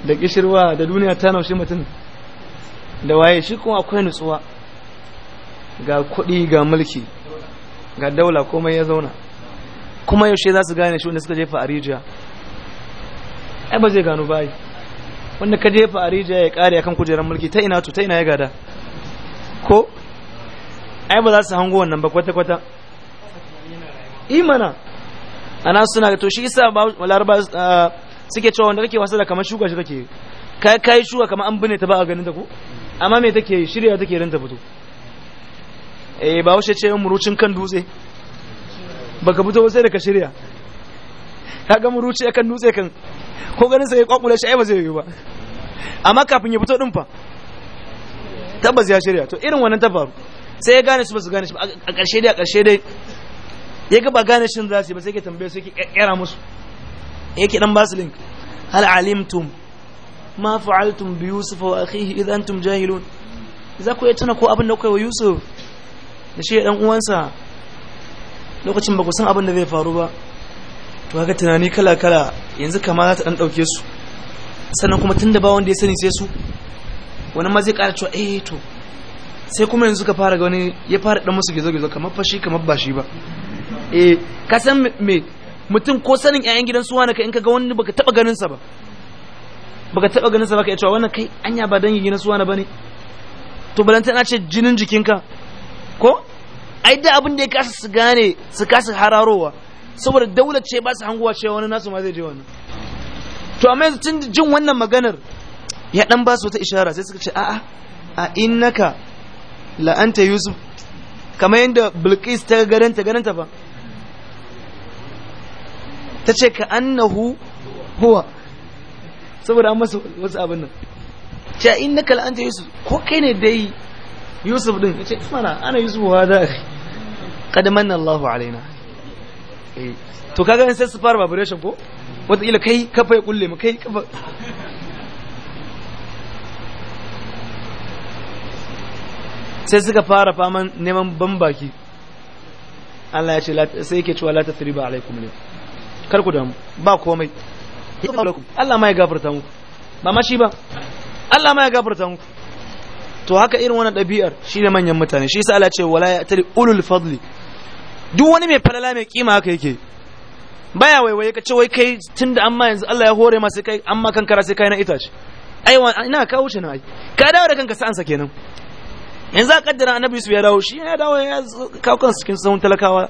da kishirwa da duniya ta naushe mutum da waye shi kuma akwai nutsuwa ga kuɗi ga mulki ga daula komai ya zauna kuma yaushe za su gane shi wanda suka jefa a rijiya ai ba zai gano bayi wanda ka jefa a rijiya ya kare akan kujerar mulki ta ina to ta ina ya gada ko ai ba za su hango wannan ba kwata-kwata imana ana suna to shi isa laraba ah, suke cewa wanda kake wasa da kamar shuka shi kake kai kai shuka kamar an bine ta ba a ganin ta ko amma me take shirya take rinta fito eh ba wuce ce murucin kan dutse baka fito sai da ka shirya kaga muruci kan dutse kan ko ganin sai ya kwakula shi ai ba zai yi ba amma kafin ya fito din fa tabbas ya shirya to irin wannan ta faru sai ya gane su ba su gane shi a ƙarshe dai a ƙarshe dai ya ga ba gane shi za su yi ba sai ke tambaye su yake ƙera musu yake dan basu link hal alimtum ma fa'altum bi yusuf wa akhihi idan antum jahilun za ku iya tana ko abin da kuka wa yusuf da shi dan uwansa lokacin ba ku san abin da zai faru ba to haka tunani kala kala yanzu kama za ta dan dauke su sannan kuma tunda ba wanda ya sani sai su wani ma zai ƙara cewa eh to sai kuma yanzu ka fara ga wani ya fara dan musu gizo gizo kamar fashi kamar ba shi ba eh ka san me mutum ko sanin ƴaƴan gidan su wani ka in ka ga wani baka taba ganin sa ba baka taba ganin sa ba ya cewa wannan kai anya ba dangi gidan su wani bane to balanta na ce jinin jikinka ko ai da abin da ya kasa su gane su kasa hararowa saboda daula ce ba su hanguwa ce wani nasu ma zai je wani. to amma yanzu tun jin wannan maganar ya dan ba su wata ishara sai suka ce a'a a innaka la'anta yusuf kamar yadda bilkis ta garanta garanta ba ta ce ka annahu huwa saboda an masa wasu abin nan ce in na kal'anta yusuf ko kai ne dai yusuf din ya ce mana ana yusuf wa da kadaman allahu alaina eh. to kaga in sai su fara vibration ko watakila kai kafa ya kulle mu kai kafa sai suka fara faman neman banbaki Allah ya ce sai yake cewa la tasriba alaikum ne kar ku damu ba komai Allah ma ya gafarta muku ba ma shi ba Allah ma ya gafarta muku to haka irin wannan ɗabi'ar shi ne manyan mutane shi sa Allah ce wala ya tari ulul fadli duk wani mai falala mai kima haka yake baya waiwaye ka ce wai kai tunda amma yanzu Allah ya hore ma sai kai amma kankara sai kai na itace Ayiwa ina ka wuce na ai ka dawo da kanka sa'ansa kenan yanzu a kaddara annabi su ya dawo shi ya dawo ya kawo kansu cikin sun talakawa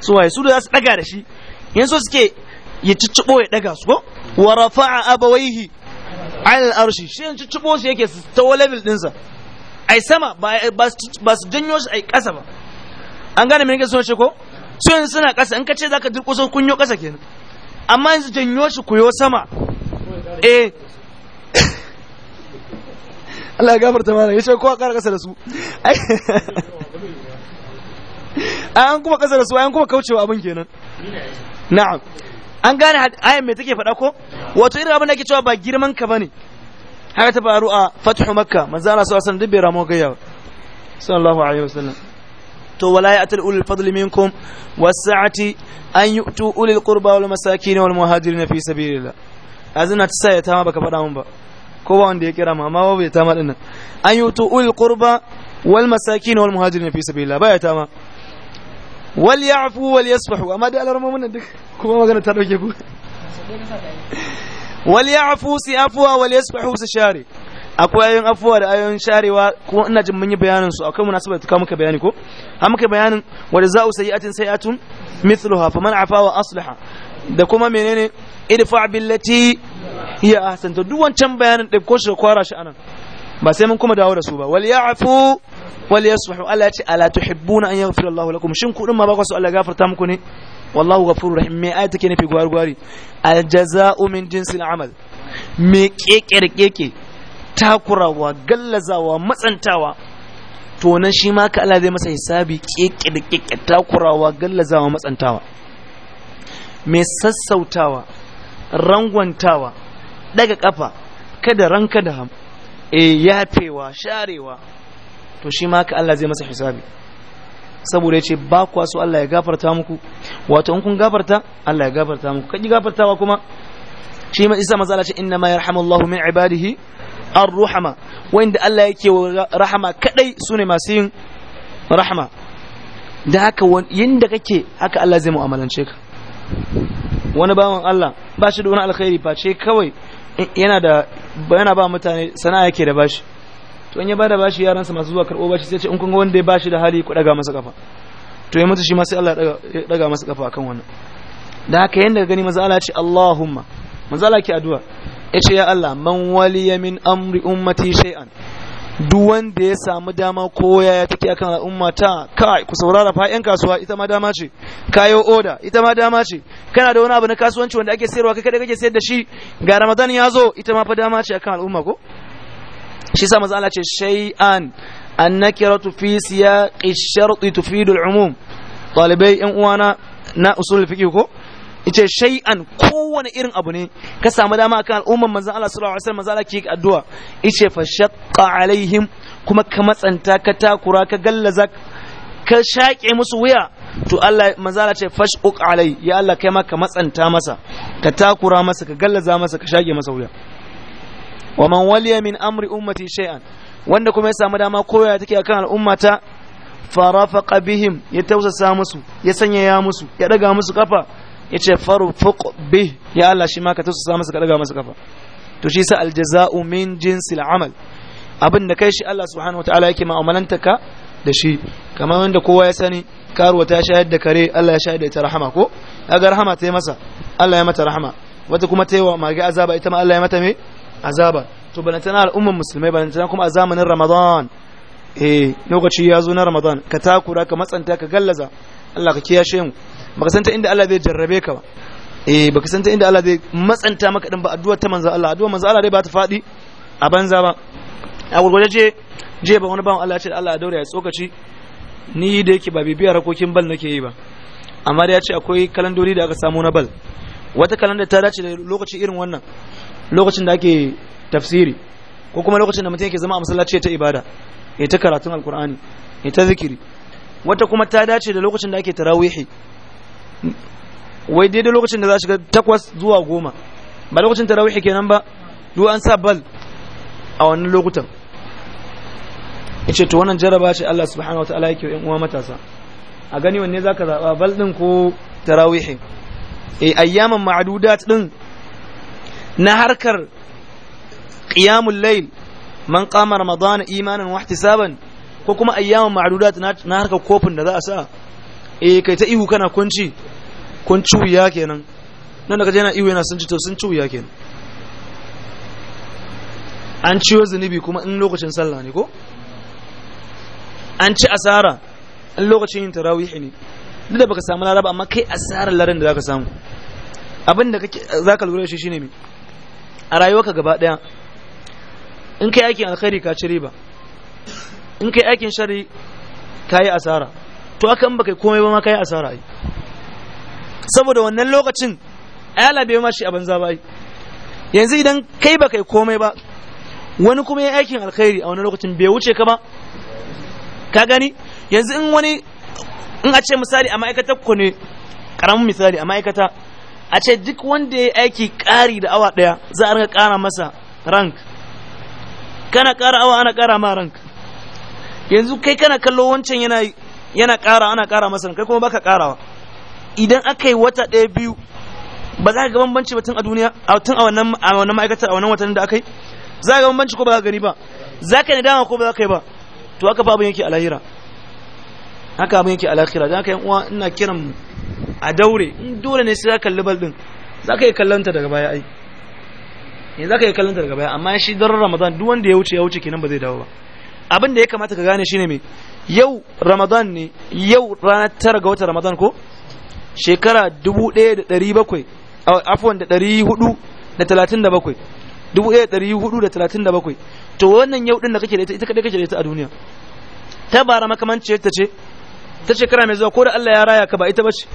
su waye su da za su daga da shi yanzu suke ya ciccibo ya daga su ko wa rafa'a abawaihi alal arshi shi yanzu ciccibo su yake su tawo level dinsa ai sama ba su janyo shi ai kasa ba an gane menene sun ce ko su yanzu suna kasa in ka ce zaka durkuso kunyo kasa kenan amma yanzu janyo shi kuyo sama eh Allah ya gafarta mana ya ce kowa ƙara ƙasa da su an kuma ƙasa da su an kuma kaucewa abin kenan na'am an gane ayan mai take faɗa ko wato irin abin da ke cewa ba girman ka bane haka ta faru a fathu makka manzo Allah sallallahu alaihi wasallam dubbe ramo gayya sallallahu alaihi wasallam to wala ya'tal ulul fadli minkum was an yu'tu ulul qurba wal masakin wal muhajirin fi sabilillah azina tsaya ta ma baka faɗa mun ba ko wanda ya kira ma amma babu ya tama din an yutu ul qurba wal masakin wal muhajirin fi sabilillah tama wal ya'fu wal yasfahu amma dai alarma mun duk kuma magana ta dauke ku wal ya'fu si afwa wal yasfahu si share akwai ayoyin afuwa da ayoyin sharewa kuma ina jin mun yi bayanin su akwai munasabar ta muka bayani ko har muka bayanin za'u sayi'atin sayi'atun mithluha faman afa wa aslaha da kuma menene idfa billati ya ahsanta duk wancan bayanin ɗin ko shi kwara shi anan ba sai mun kuma dawo da su ba wal ya'fu wal yasfahu Allah ya ce ala tuhibbuna an yaghfira Allahu lakum shin ku din ma ba ku so Allah gafarta muku ne wallahu ghafurur rahim me ayata ke nufi gwar gwari al jazaa'u min jinsil amal me kekerkeke takurawa gallazawa matsantawa to nan shi ma ka Allah zai masa hisabi keke da keke takurawa gallazawa matsantawa Me sassautawa rangwantawa daga kafa kada ranka da e yafewa sharewa to shi ma ka Allah zai masa hisabi saboda yace ba kwa so Allah ya gafarta muku wato in kun gafarta Allah ya gafarta muku kaji gafartawa kuma shi ma isa mazala ce inna ma yarhamullahu min ibadihi ar-ruhama inda Allah yake rahama kadai sune masu yin rahama da haka yadda kake haka Allah zai mu'amalance ka wani bawan Allah ba shi da wani alkhairi face kawai yana da yana ba mutane sana'a yake da bashi to in ya bada bashi yaransa masu zuwa karɓo bashi sai ce in kun wanda ya bashi da hali ku daga masa kafa to ya mutu shi ma sai Allah ya daga masa kafa akan wannan da haka yanda gani maza Allah ce Allahumma maza Allah ke addu'a ce ya Allah man waliya min amri ummati shay'an duk wanda ya samu dama ko ya take akan al'umma ta kai ku saurara fa yan kasuwa ita ma dama ce kayo oda ita ma dama ce kana da wani abu na kasuwanci wanda ake sayarwa kai kada kake sayar da shi ga ramadan ya zo ita ma fa dama ce akan al'umma ko shi sa manzo Allah ce shay'an annakiratu fi siyaqi ash-shart tufidu al-umum talibai yan uwana na usul fiqh ko yace shay'an kowane irin abu ne ka samu dama kan al'umman manzon Allah sallallahu alaihi wasallam manzon Allah ke addu'a yace fa shaqqa alaihim kuma ka matsanta ka takura ka gallaza ka shaƙe musu wuya to Allah Allah ce fashuq alai ya Allah kai ma ka matsanta masa ka takura masa ka gallaza masa ka shaƙe masa wuya wa man waliya min amri ummati shay'an wanda kuma ya samu dama koyaya take akan al'ummata farafa bihim ya tausasa musu ya sanyaya musu ya daga musu kafa ya ce faru fuk bi ya Allah shi ma ka tausasa masa ka daga masa kafa to shi sa aljaza'u min jinsil amal abin da kai shi Allah subhanahu wataala yake ma'amalanta ka da shi kamar wanda kowa ya sani karuwa ta shayar da kare Allah ya shayar da ita rahama ko kaga rahama ta yi masa Allah ya mata rahama wata kuma ta yi wa mage azaba ita ma Allah ya mata me azaba to balantana al'ummar musulmai balantana kuma a zamanin ramadan eh lokaci ya zo na ramadan ka takura ka matsanta ka gallaza Allah ka kiyashe mu baka san ta inda Allah zai jarrabe ka ba eh baka san ta inda Allah zai matsanta maka din ba addu'ar ta manzo Allah addu'ar manzo Allah dai ba ta fadi a banza ba a gurgurje je je ba wani bawan Allah ya ce Allah ya daure ya tsokaci ni da yake ba bibiya rakokin bal nake yi ba amma dai ya ce akwai kalandori da aka samu na bal wata kalandar ta dace da lokaci irin wannan lokacin da ake tafsiri ko kuma lokacin da mutum yake zama a masallaci ta ibada ya ta karatun alkur'ani ya ta zikiri wata kuma ta dace da lokacin da ake tarawihi wai daidai lokacin da za shiga takwas zuwa goma ba lokacin tarawihi kenan ba duk an sa bal a wannan lokutan yace to wannan jaraba ce Allah subhanahu wataala yake yin uwa matasa a gani wanne zaka zaba bal din ko tarawihi eh ayyaman ma'dudat din na harkar qiyamul layl man qama ramadana imanan wa ihtisaban ko kuma ayyaman ma'dudat na harkar kofin da za a sa eh kai ta ihu kana kunci kun ci wuya kenan nan daga yana ihu yana sun ci to sun ci wuya kenan an ciwo zunubi kuma in lokacin sallah ne ko an ci asara in lokacin yin tarawih ne duk da baka samu laraba amma kai asara laran da zaka samu abin da zaka lura da shi shine me a rayuwarka gaba daya in kai aikin alkhairi ka ci riba in kai aikin shari ka yi asara to aka ba baka komai ba ma kai asara ai saboda wannan lokacin ayala bai ma shi a banza ba ai yanzu idan kai baka yi komai ba wani kuma ya aikin alkhairi a wani lokacin bai wuce ka ba ka gani yanzu in wani in a ce misali a ma'aikata ku ne karamin misali a ma'aikata a ce duk wanda ya aiki ƙari da awa daya za a rinka ƙara masa rank kana ƙara awa ana ƙara ma rank yanzu kai kana kallo wancan yana yana ƙara ana ƙara masa kai kuma baka ƙarawa idan aka yi wata ɗaya biyu ba za ka ga bambanci ba tun a duniya a tun a wannan a wannan ma'aikatar a wannan watan da aka yi za ka ga bambanci ko ba ka gani ba za ka yi nadama ko ba za ka yi ba to haka babu yake a lahira haka abin yake a lahira don haka yan uwa ina kiran a daure in dole ne sai ka kalli bal din za ka yi kallonta daga baya ai yanzu eh, za ka yi kallonta daga baya amma shi don ramadan duk wanda ya wuce ya wuce kenan ba zai dawo ba abin da ya kamata ka gane shine me yau ramadan ne yau ranar tara ga watan ramadan ko shekara 1700 afwan da 437 1437 to wannan yau din da kake da ita ita kadai kake da ita a duniya ta bara makamanci ta ce ta shekara mai zuwa ko da Allah ya raya ka ba ita bace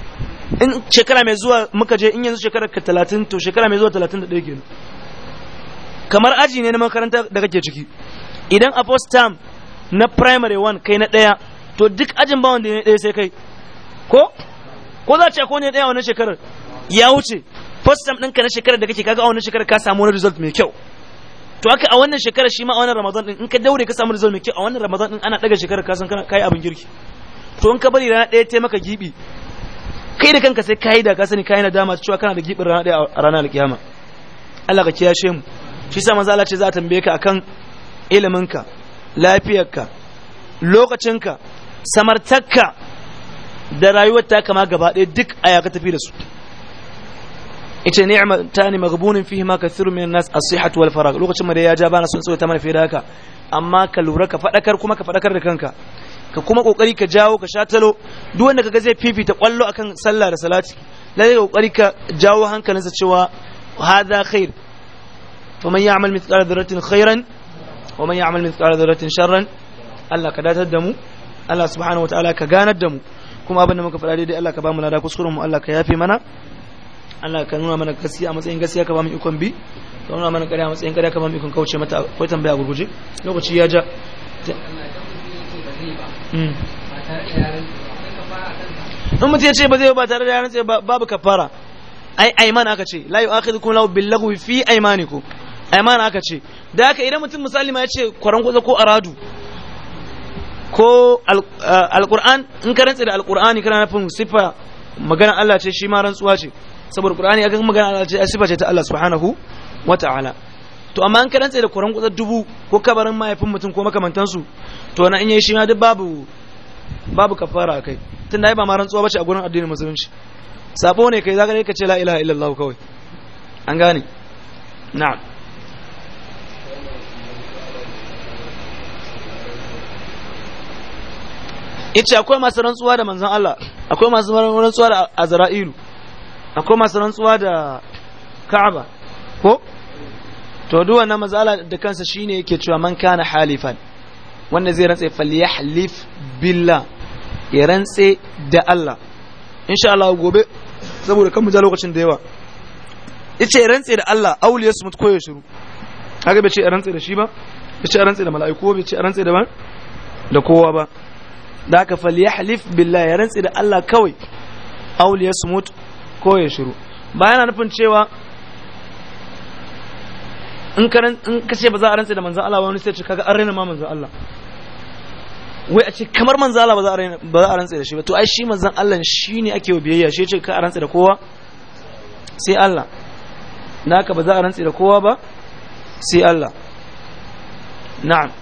in shekara mai zuwa muka je in yanzu shekara ka 30 to shekara mai zuwa 31 kenan kamar aji ne na makaranta da kake ciki idan a first term na primary one kai na ɗaya to duk ajin ba wanda ne ɗaya sai kai ko ko za a ce ko ne ɗaya wannan shekarar ya wuce first term ɗinka na shekarar da kake kaga a wannan shekarar ka samu wani result mai kyau to haka a wannan shekarar shi ma a wannan ramadan ɗin in ka daure ka samu result mai kyau a wannan ramadan ɗin ana ɗaga shekarar ka san kana kai abin girki to in ka bari rana ɗaya ta maka gibi kai da kanka sai kai da ka sani kai na dama cewa kana da gibin rana ɗaya a ranar alkiyama Allah ka kiyashe mu shi sa manzo Allah ce za a tambaye ka akan iliminka lafiyarka lokacinka samartakka da rayuwar ta kama gaba ɗaya duk a yaka tafi da su ita ni'ma ta ne magbunin fihi ma kathiru min nas as-sihhatu wal faragh lokacin ma da ya ja bana sun tsawaita mana fiye da haka amma ka lura ka fadakar kuma ka fadakar da kanka ka kuma kokari ka jawo ka shatalo duk wanda kaga zai fifita kwallo akan sallah da salati lalle kokari ka jawo hankalinsa cewa hadha khair faman ya'mal mithqala dharratin khairan wa man ya'mal mithqala dharratin sharran Allah ka datar da mu Allah subhanahu wataala ka ganar da mu kuma abin da muka faɗa daidai Allah ka ba mu lada kuskuren mu Allah ka yafe mana Allah ka nuna mana gaskiya a matsayin gaskiya ka ba mu ikon bi ka nuna mana ƙarya a matsayin ƙarya ka ba mu ikon kauce mata akwai tambaya gurguje lokaci ya ja in mutum ya ce ba zai ba tare da yaran babu kafara ai aiman aka ce la yu'akhidhukum lahu bil laghwi fi aymanikum aimana aka ce da haka idan mutum misali ma ya ce kwaran kwaza ko aradu ko alkur'an eh, in ka rantsa da alkur'ani kana nufin sifa magana Allah ce shi ma rantsuwa ce saboda qur'ani akan magana Allah ce sifa ce ta Allah subhanahu wata'ala to amma in ka rantsa da kwaran kwaza dubu ko kabarin mahaifin mutum ko makamantansu to na in yi shi ma duk babu babu kafara kai tunda ai ba ma rantsuwa bace a gurin addinin musulunci sabo ne kai zaka ne ka ce la ilaha illallah kawai an gane na'am yace akwai masu rantsuwa da manzon Allah akwai masu rantsuwa da Azra'ilu akwai masu rantsuwa da Ka'aba ko to duk wannan mazala da kansa shine yake cewa man kana halifan wanda zai rantsa falyahlif billah ya rantse da Allah insha Allah gobe saboda kan muja lokacin da yawa yace rantsa da Allah awliya ya sumut koyo shiru kaga bai ce rantse da shi ba yace rantse da mala'iku bai ce rantse da ba da kowa ba da haka halif billahi ya rantsi da Allah kawai ya liyasmut ko ya shiru ba yana nufin cewa in ka in ka ce ba za a rantsi da manzon Allah wani sai ce kaga an raina ma manzon Allah wai a ce kamar manzon Allah ba za a ba za a rantsi da shi ba to ai shi manzon Allah shine ake biyayya shi ce ka a rantsi da kowa sai Allah naka ba za a rantsi da kowa ba sai Allah na'am